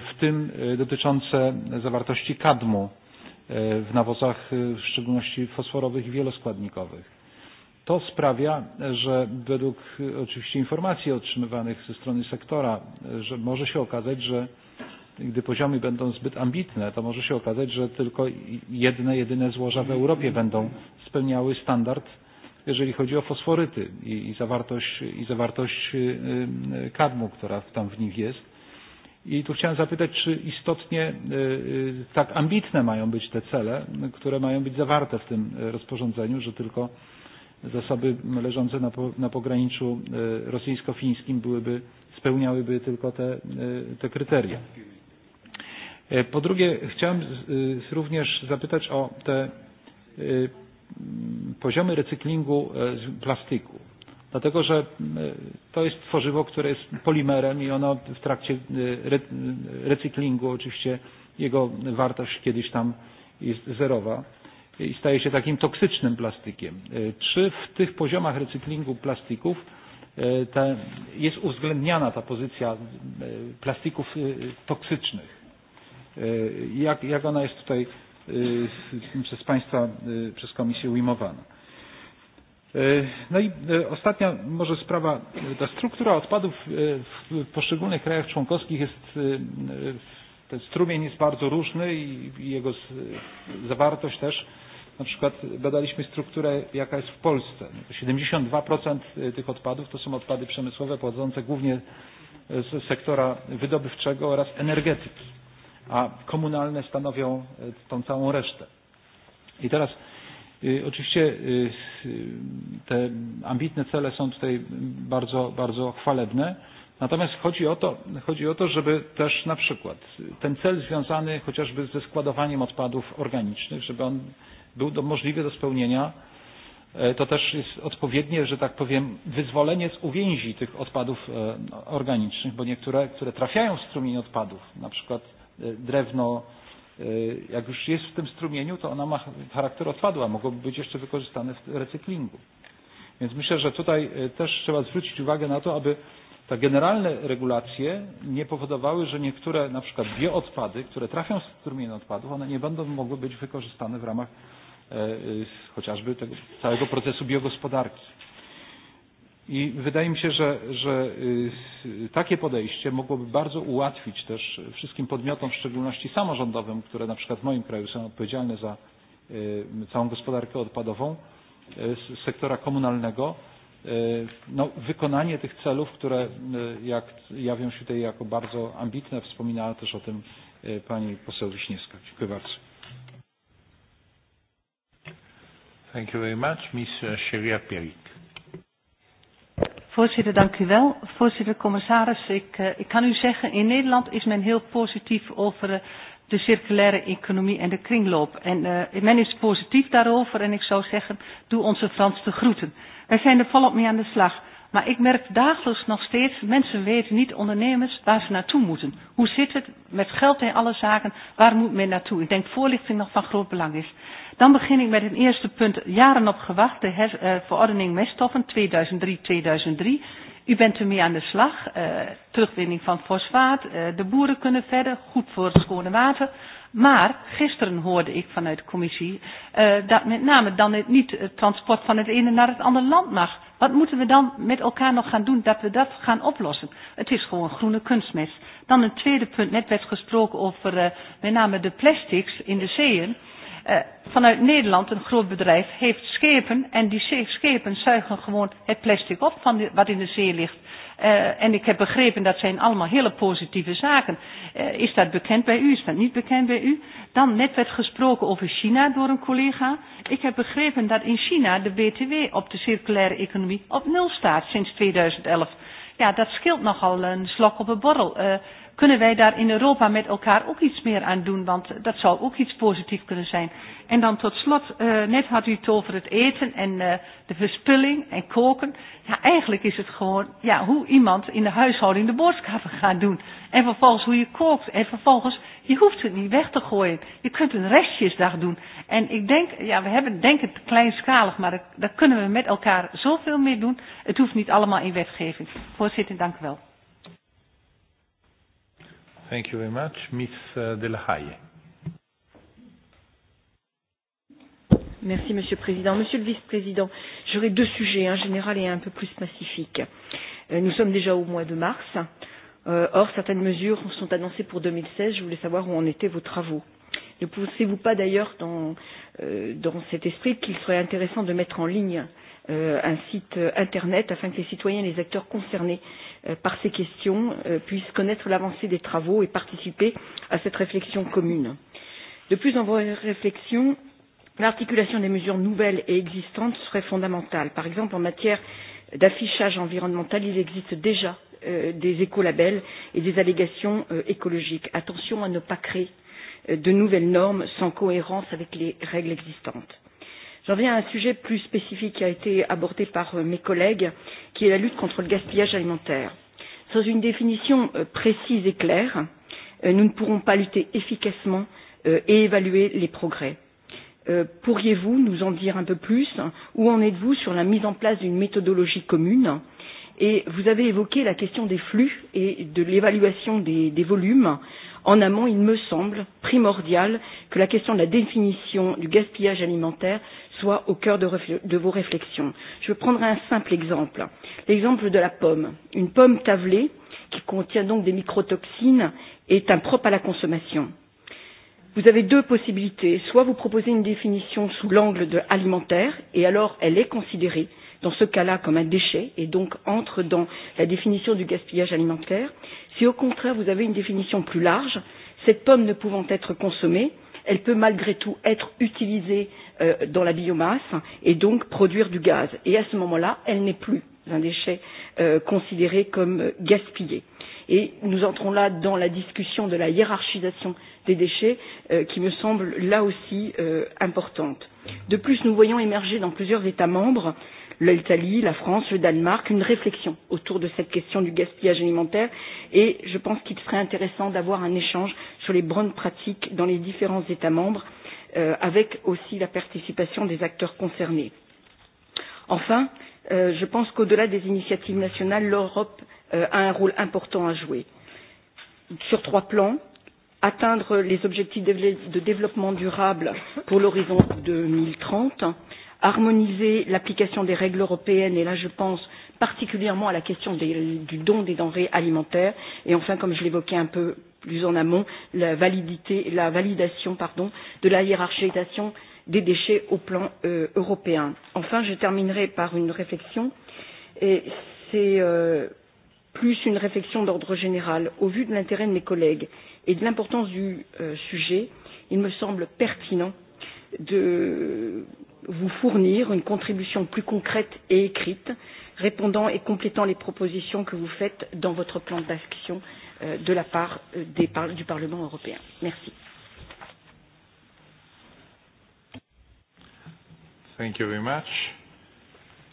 w tym e, dotyczące zawartości kadmu w nawozach, w szczególności fosforowych i wieloskładnikowych. To sprawia, że według oczywiście informacji otrzymywanych ze strony sektora, że może się okazać, że gdy poziomy będą zbyt ambitne, to może się okazać, że tylko jedne, jedyne złoża w mhm. Europie będą spełniały standard, jeżeli chodzi o fosforyty i, i zawartość, i zawartość kadmu, która tam w nich jest. I tu chciałem zapytać, czy istotnie tak ambitne mają być te cele, które mają być zawarte w tym rozporządzeniu, że tylko zasoby leżące na, po, na pograniczu rosyjsko-fińskim byłyby, spełniałyby tylko te, te kryteria. E, po drugie, chciałem e, również zapytać o te e, poziomy recyklingu plastiku. Dlatego, że to jest tworzywo, które jest polimerem i ono w trakcie recyklingu oczywiście jego wartość kiedyś tam jest zerowa i staje się takim toksycznym plastikiem. Czy w tych poziomach recyklingu plastików te, jest uwzględniana ta pozycja plastików toksycznych? E, jak, jak ona jest tutaj e, przez Państwa, e, przez Komisję ujmowana. No i ostatnia może sprawa, ta struktura odpadów w poszczególnych krajach członkowskich jest, ten strumień jest bardzo różny i jego zawartość też. Na przykład badaliśmy strukturę, jaka jest w Polsce. 72% no tych odpadów to są odpady przemysłowe pochodzące głównie z sektora wydobywczego oraz energetyki a komunalne stanowią e, tą całą resztę. I teraz Oczywiście e, e, te ambitne cele są tutaj bardzo, bardzo chwalebne. Natomiast chodzi o, to, chodzi o to, żeby też na przykład ten cel związany chociażby ze składowaniem odpadów organicznych, żeby on był do, możliwy do spełnienia, to też jest odpowiednie, że tak powiem, wyzwolenie z uwięzi tych odpadów organicznych, bo niektóre, które trafiają w strumień odpadów, na przykład drewno, e, jak już jest w tym strumieniu, to ona ma charakter odpadu, a mogłoby być jeszcze wykorzystane w recyklingu. Więc myślę, że tutaj e, też trzeba zwrócić uwagę na to, aby te generalne regulacje nie powodowały, że niektóre na przykład bioodpady, które trafią z strumienia odpadów, one nie będą mogły być wykorzystane w ramach e, chociażby tego całego procesu biogospodarki. I wydaje mi się, że, że takie podejście mogłoby bardzo ułatwić też wszystkim podmiotom, w szczególności samorządowym, które na przykład w moim kraju są odpowiedzialne za całą gospodarkę odpadową z sektora komunalnego, no, wykonanie tych celów, które jak jawią się tutaj jako bardzo ambitne, wspominała też o tym pani poseł Wiśniewska. Dziękuję bardzo. Thank you very much. Mr. Sheria Pierik. Voorzitter, dank u wel. Voorzitter, commissaris, ik, eh, ik kan u zeggen, in Nederland is men heel positief over eh, de circulaire economie en de kringloop. En uh, men is positief daarover en ik zou zeggen, doe onze Frans de groeten. Wij zijn er volop mee aan de slag. Maar ik merk dagelijks nog steeds, mensen weten niet, ondernemers, waar ze naartoe moeten. Hoe zit het met geld en alle zaken, waar moet men naartoe? Ik denk voorlichting nog van groot belang is. Dan begin ik met het eerste punt. Jaren op gewacht, de her, uh, verordening meststoffen 2003-2003. U bent ermee aan de slag. Uh, terugwinning van fosfaat. Uh, de boeren kunnen verder. Goed voor het schone water. Maar gisteren hoorde ik vanuit de commissie uh, dat met name dan het, niet het transport van het ene naar het andere land mag. Wat moeten we dan met elkaar nog gaan doen dat we dat gaan oplossen? Het is gewoon groene kunstmest. Dan een tweede punt. Net werd gesproken over uh, met name de plastics in de zeeën. Eh, vanuit Nederland, een groot bedrijf, heeft schepen en die schepen zuigen gewoon het plastic op van wat in de zee ligt. Uh, en ik heb begrepen dat zijn allemaal hele positieve zaken. Uh, is dat bekend bij u? Is dat niet bekend bij u? Dan net werd gesproken over China door een collega. Ik heb begrepen dat in China de BTW op de circulaire economie op nul staat sinds 2011. Ja, dat scheelt nogal een slok op een borrel. Uh, kunnen wij daar in Europa met elkaar ook iets meer aan doen? Want dat zou ook iets positiefs kunnen zijn. En dan tot slot, uh, net had u het over het eten en uh, de verspilling en koken. Ja, eigenlijk is het gewoon ja, hoe iemand in de huishouding de boodschappen gaat doen. En vervolgens hoe je kookt. En vervolgens, je hoeft het niet weg te gooien. Je kunt een restjesdag doen. En ik denk, ja, we hebben denk het kleinschalig, maar daar kunnen we met elkaar zoveel mee doen. Het hoeft niet allemaal in wetgeving. Voorzitter, dank u wel. Thank you very much. Miss uh, Delahaye. Merci, Monsieur le Président. Monsieur le Vice-président, j'aurai deux sujets, un général et un peu plus spécifique. Euh, nous sommes déjà au mois de mars. Euh, or, certaines mesures sont annoncées pour 2016. Je voulais savoir où en étaient vos travaux. Ne pensez-vous pas d'ailleurs dans, euh, dans cet esprit qu'il serait intéressant de mettre en ligne euh, euh, un site euh, Internet afin que les citoyens et les acteurs concernés euh, par ces questions euh, puissent connaître l'avancée des travaux et participer à cette réflexion commune. De plus en réflexion, l'articulation des mesures nouvelles et existantes serait fondamentale. Par exemple, en matière d'affichage environnemental, il existe déjà euh, des écolabels et des allégations euh, écologiques. Attention à ne pas créer euh, de nouvelles normes sans cohérence avec les règles existantes J'en viens à un sujet plus spécifique qui a été abordé par euh, mes collègues, qui est la lutte contre le gaspillage alimentaire. Sans une définition euh, précise et claire, euh, nous ne pourrons pas lutter efficacement et évaluer les progrès. Pourriez-vous nous en dire un peu plus Où en êtes-vous sur la mise en place d'une méthodologie commune Et vous avez évoqué la question des flux et de l'évaluation des, des volumes en amont, il me semble primordial que la question de la définition du gaspillage alimentaire soit au cœur de, de vos réflexions. Je prendrai un simple exemple, l'exemple de la pomme. Une pomme tavelée, qui contient donc des microtoxines, est impropre à la consommation. Vous avez deux possibilités. Soit vous proposez une définition sous l'angle de alimentaire, et alors elle est considérée dans ce cas-là comme un déchet et donc entre dans la définition du gaspillage alimentaire, si au contraire vous avez une définition plus large, cette pomme ne pouvant être consommée, elle peut malgré tout être utilisée euh, dans la biomasse et donc produire du gaz. Et à ce moment-là, elle n'est plus un déchet euh, considéré comme euh, gaspillé. Et nous entrons là dans la discussion de la hiérarchisation des déchets euh, qui me semble là aussi euh, importante. De plus, nous voyons émerger dans plusieurs États membres euh, l'Italie, la France, le Danemark, une réflexion autour de cette question du gaspillage alimentaire et je pense qu'il serait intéressant d'avoir un échange sur les bonnes pratiques dans les différents États membres euh, avec aussi la participation des acteurs concernés. Enfin, euh, je pense qu'au-delà des initiatives nationales, l'Europe euh, a un rôle important à jouer sur trois plans atteindre les objectifs de développement durable pour l'horizon 2030, harmoniser l'application des règles européennes et là je pense particulièrement à la question des, du don des denrées alimentaires et enfin comme je l'évoquais un peu plus en amont la, validité, la validation pardon, de la hiérarchisation des déchets au plan euh, européen. Enfin, je terminerai par une réflexion et c'est euh, plus une réflexion d'ordre général. Au vu de l'intérêt de mes collègues et de l'importance du euh, sujet, il me semble pertinent de vous fournir une contribution plus concrète et écrite, répondant et complétant les propositions que vous faites dans votre plan d'action euh, de la part euh, des, par, du Parlement européen. Merci. Thank you very much.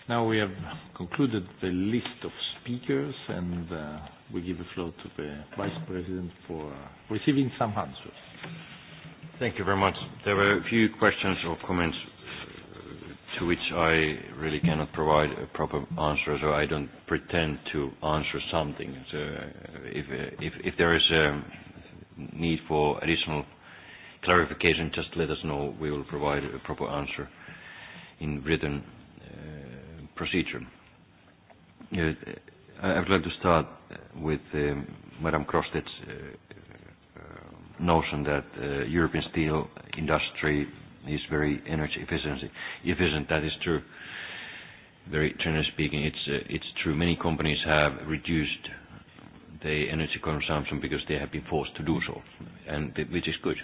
Now we have concluded the list of speakers, and uh, we give the floor to the Vice President for uh, receiving some answers. Thank you very much. There were a few questions or comments to which I really cannot provide a proper answer, so I don't pretend to answer something. So uh, if, uh, if, if there is a need for additional clarification, just let us know. We will provide a proper answer in written uh, procedure. Uh, I would like to start with um, Madame Krostet's uh, uh, notion that uh, European steel industry is very energy efficiency efficient. That is true. Very generally speaking, it's uh, it's true. Many companies have reduced the energy consumption because they have been forced to do so, and th which is good.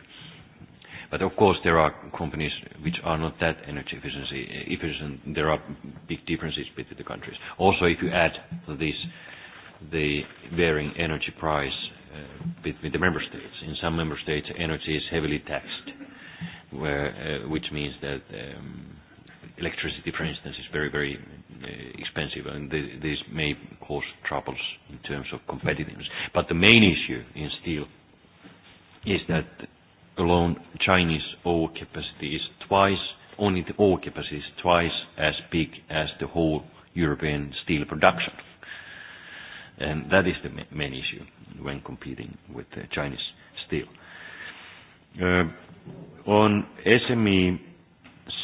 But of course, there are companies which are not that energy efficiency efficient. There are big differences between the countries. Also, if you add to this the varying energy price uh, between the member states. In some member states, energy is heavily taxed where uh, which means that um, electricity, for instance, is very very uh, expensive, and th- this may cause troubles in terms of competitiveness. But the main issue in steel is that alone Chinese oil capacity is twice only the oil capacity is twice as big as the whole European steel production. And that is the ma main issue when competing with uh, Chinese steel. Uh, on SME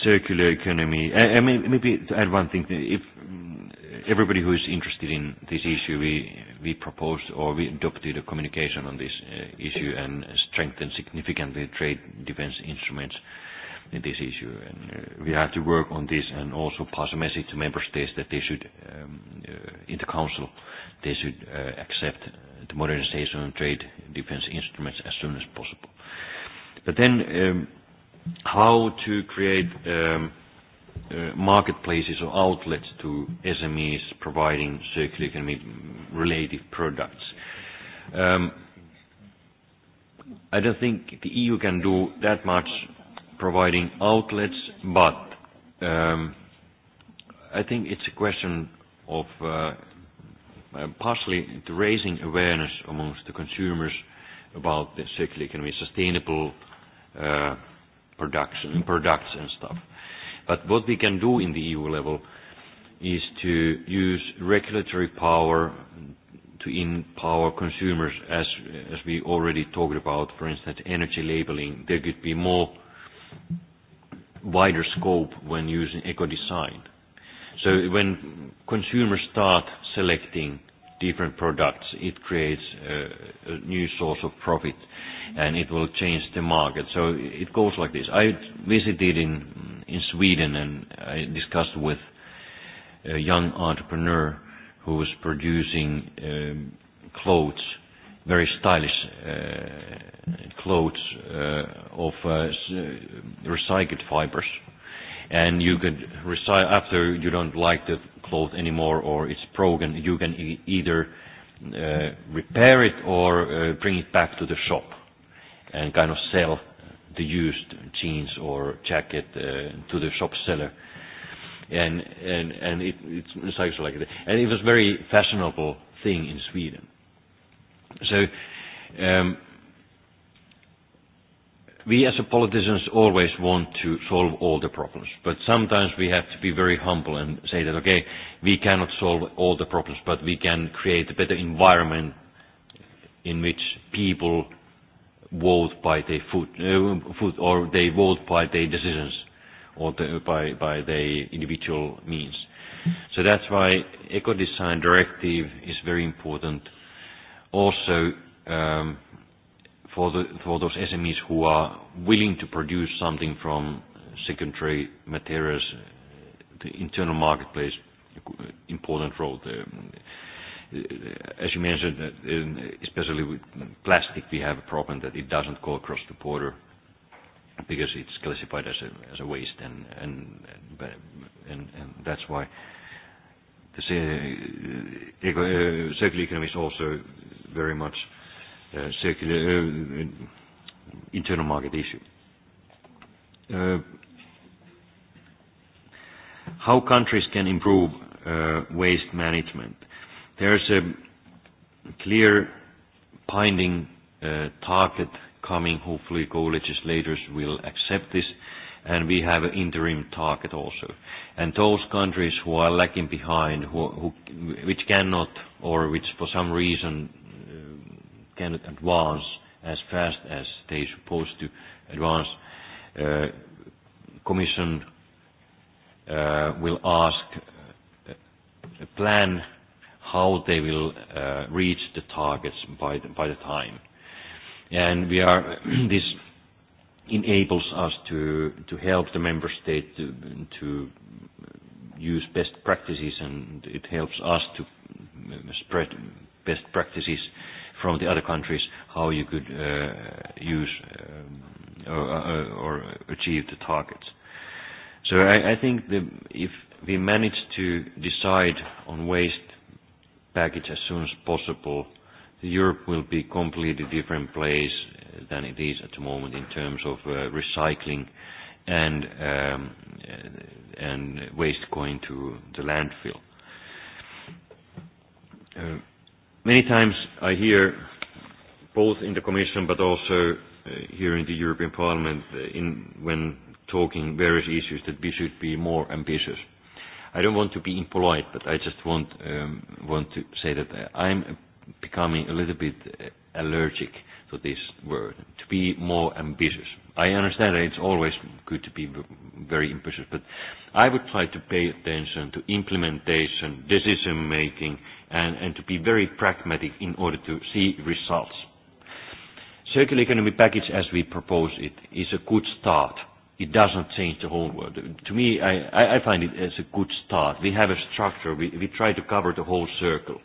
circular economy, I, uh, uh mean, maybe to add one thing, if mm, everybody who is interested in this issue, we, we proposed or we adopted a communication on this uh, issue and strengthened significantly trade defense instruments in this issue. And uh, we have to work on this and also pass a message to member states that they should, um, uh, in the council, they should uh, accept the modernization of trade defense instruments as soon as possible. Uh, But then um, how to create um, uh, marketplaces or outlets to SMEs providing circular economy related products. Um, I don't think the EU can do that much providing outlets, but um, I think it's a question of uh, uh partially to raising awareness amongst the consumers about the circular economy, sustainable uh, production, products and stuff. But what we can do in the EU level is to use regulatory power to empower consumers, as, as we already talked about, for instance, energy labeling. There could be more wider scope when using eco-design. So when consumers start selecting different products, it creates a, a new source of profit and it will change the market. So It goes like this. I visited in in Sweden, and I discussed with a young entrepreneur who was producing um, clothes, very stylish uh, clothes uh, of uh, uh recycled fibers. And you could recycle after you don't like the cloth anymore or it's broken, you can e- either uh, repair it or uh, bring it back to the shop and kind of sell the used jeans or jacket uh, to the shop seller. And and and it it's, it's actually like that. And it was very fashionable thing in Sweden. So um, we as a politicians always want to solve all the problems, but sometimes we have to be very humble and say that, okay, we cannot solve all the problems, but we can create a better environment in which people vote by their foot, uh, foot or they vote by their decisions or the, by, by their individual means. So that's why eco-design directive is very important. Also, um, for, the, for those SMEs who are willing to produce something from secondary materials, the internal marketplace, uh, important role there as you mentioned, uh, especially with plastic, we have a problem that it doesn't go across the border because it's classified as a, as a waste, and, and, and, and that's why the uh, uh, circular economy is also very much uh, circular uh, internal market issue. Uh, how countries can improve uh, waste management? There's a clear binding uh, target coming. Hopefully, co-legislators will accept this, and we have an interim target also. And Those countries who are lagging behind, who who which cannot or which for some reason uh, cannot advance as fast as are supposed to advance, uh, Commission uh will ask a plan how they will uh, reach the targets by the, by the time. And we are this enables us to to help the member state to to use best practices, and it helps us to spread best practices from the other countries, how you could uh, use um, or, uh, or achieve the targets. So I I think the if we manage to decide on waste package as soon as possible. Europe will be completely different place than it is at the moment in terms of uh, recycling and um, and waste going to the landfill. Uh, many times I hear, both in the Commission but also uh, here in the European Parliament, uh, in when talking various issues, that we should be more ambitious. I don't want to be impolite, but I just want um, want to say that I'm becoming a little bit uh, allergic to this word. To be more ambitious. I understand that it's always good to be very ambitious, but I would try to pay attention to implementation, decision making, and, and to be very pragmatic in order to see results. Circular economy package, as we propose it, is a good start it doesn't change the whole world. To me, I, I find it as a good start. We have a structure. We, we try to cover the whole circle.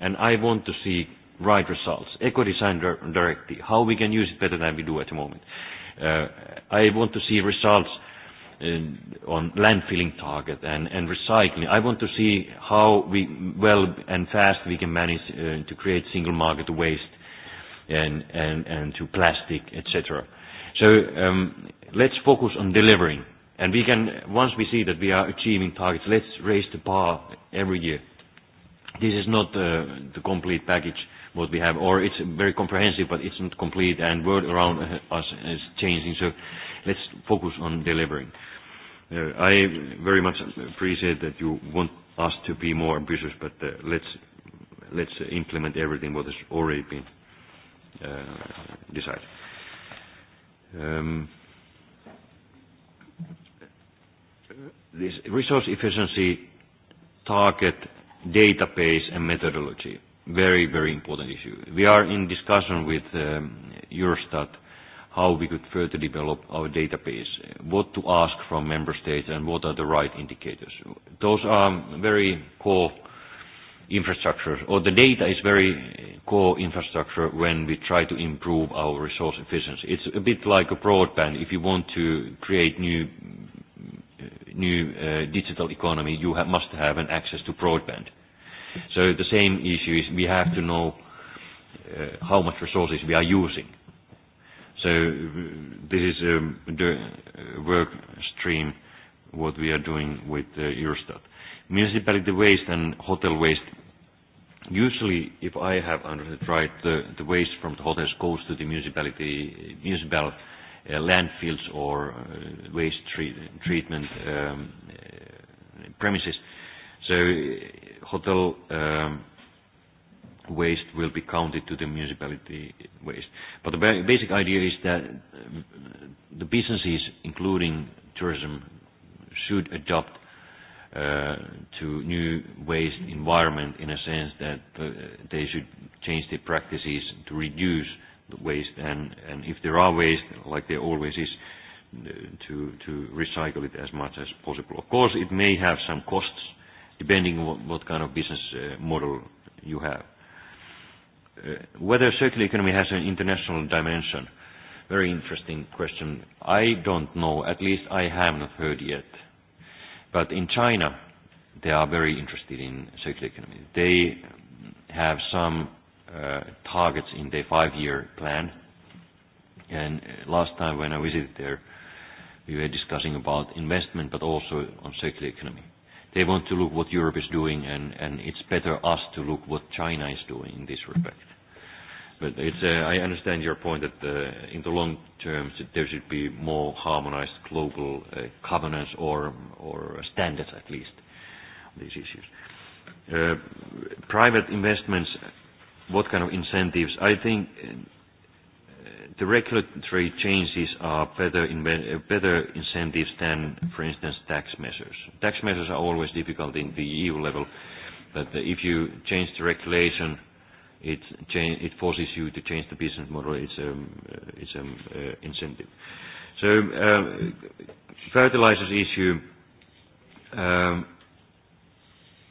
And I want to see right results. Eco-design directive, how we can use it better than we do at the moment. Uh, I want to see results in, uh, on landfilling target and, and recycling. I want to see how we well and fast we can manage uh, to create single market waste and, and, and to plastic, etc. cetera. So um, let's focus on delivering. And we can, once we see that we are achieving targets, let's raise the bar every year. This is not uh, the complete package what we have, or it's very comprehensive, but it's not complete, and world around uh, us is changing. So let's focus on delivering. Uh, I very much appreciate that you want us to be more ambitious, but uh, let's let's implement everything what has already been uh, decided. Um, this resource efficiency target database and methodology, very, very important issue. We are in discussion with um, Eurostat how we could further develop our database, what to ask from member states, and what are the right indicators. Those are very core infrastructure, or the data is very core infrastructure when we try to improve our resource efficiency. It's a bit like a broadband. If you want to create new new uh, digital economy, you have, must have an access to broadband. So the same issue is we have to know uh, how much resources we are using. So uh, this is um, the uh, work stream what we are doing with uh, Eurostat municipality waste and hotel waste. Usually, if I have understood right, the, the waste from the hotels goes to the municipality, municipal uh, landfills or uh, waste treat, treatment um, uh, premises. So uh, hotel um, waste will be counted to the municipality waste. But the basic idea is that uh, the businesses, including tourism, should adopt uh, to new waste environment in a sense that uh, they should change their practices to reduce the waste and, and if there are waste, like there always is, uh, to, to recycle it as much as possible. Of course, it may have some costs depending on what, what kind of business uh, model you have. Uh, whether circular economy has an international dimension, very interesting question. I don't know. At least I have not heard yet. But in China, they are very interested in circular economy. They have some uh, targets in their five-year plan. And uh, last time when I visited there, we were discussing about investment, but also on circular economy. They want to look what Europe is doing, and, and it's better us to look what China is doing in this respect. But it's, uh, I understand your point that uh, in the long term there should be more harmonized global uh, governance or, or standards at least on these issues. Uh, private investments, what kind of incentives? I think uh, the regulatory changes are better, in, uh, better incentives than, for instance, tax measures. Tax measures are always difficult in the EU level, but if you change the regulation – it, change, it forces you to change the business model. It's um, uh, it's an um, uh, incentive. So um, fertilizers issue, um,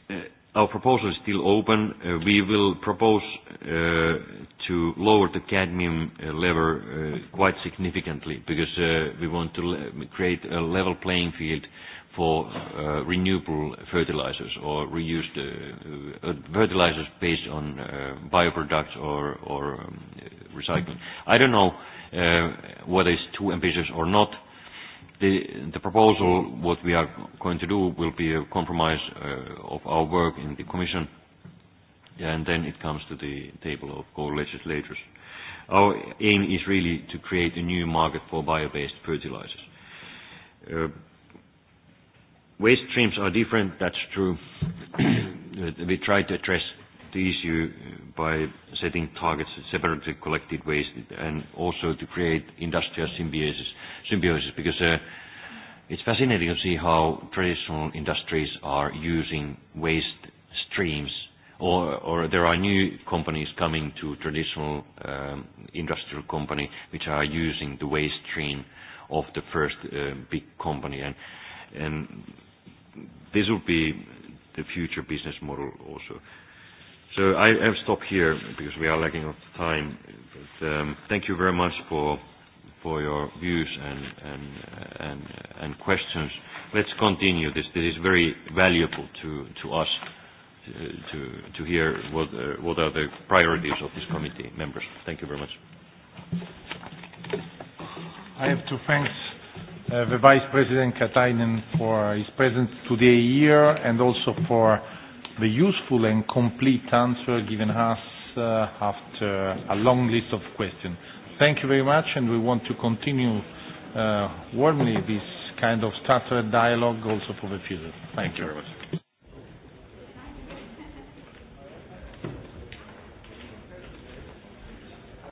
uh, our proposal is still open. Uh, we will propose uh, to lower the cadmium uh, level uh, quite significantly because uh, we want to le create a level playing field uh, for uh, renewable fertilizers or reused uh, uh, fertilizers based on uh, bioproducts or, or um, recycling. I don't know uh, whether it's too ambitious or not. The, the proposal, what we are going to do, will be a compromise uh, of our work in the Commission, and then it comes to the table of co-legislators. Our aim is really to create a new market for bio-based fertilizers. Uh, Waste streams are different, that's true. We try to address the issue uh, by setting targets separately collected waste and also to create industrial symbiosis, symbiosis because uh, it's fascinating to see how traditional industries are using waste streams or, or there are new companies coming to traditional um, industrial company which are using the waste stream of the first uh, big company. And, and this will be the future business model also. So I, have stopped here because we are lacking of time. But, um, thank you very much for for your views and and and, and questions. Let's continue this. This is very valuable to to us uh, to to hear what uh, what are the priorities of this committee members. Thank you very much. I have to thank uh, the Vice President Katainen for his presence today here and also for the useful and complete answer given us uh, after a long list of questions. Thank you very much, and we want to continue uh, warmly this kind of started dialogue also for the future. Thank, Thank you very much.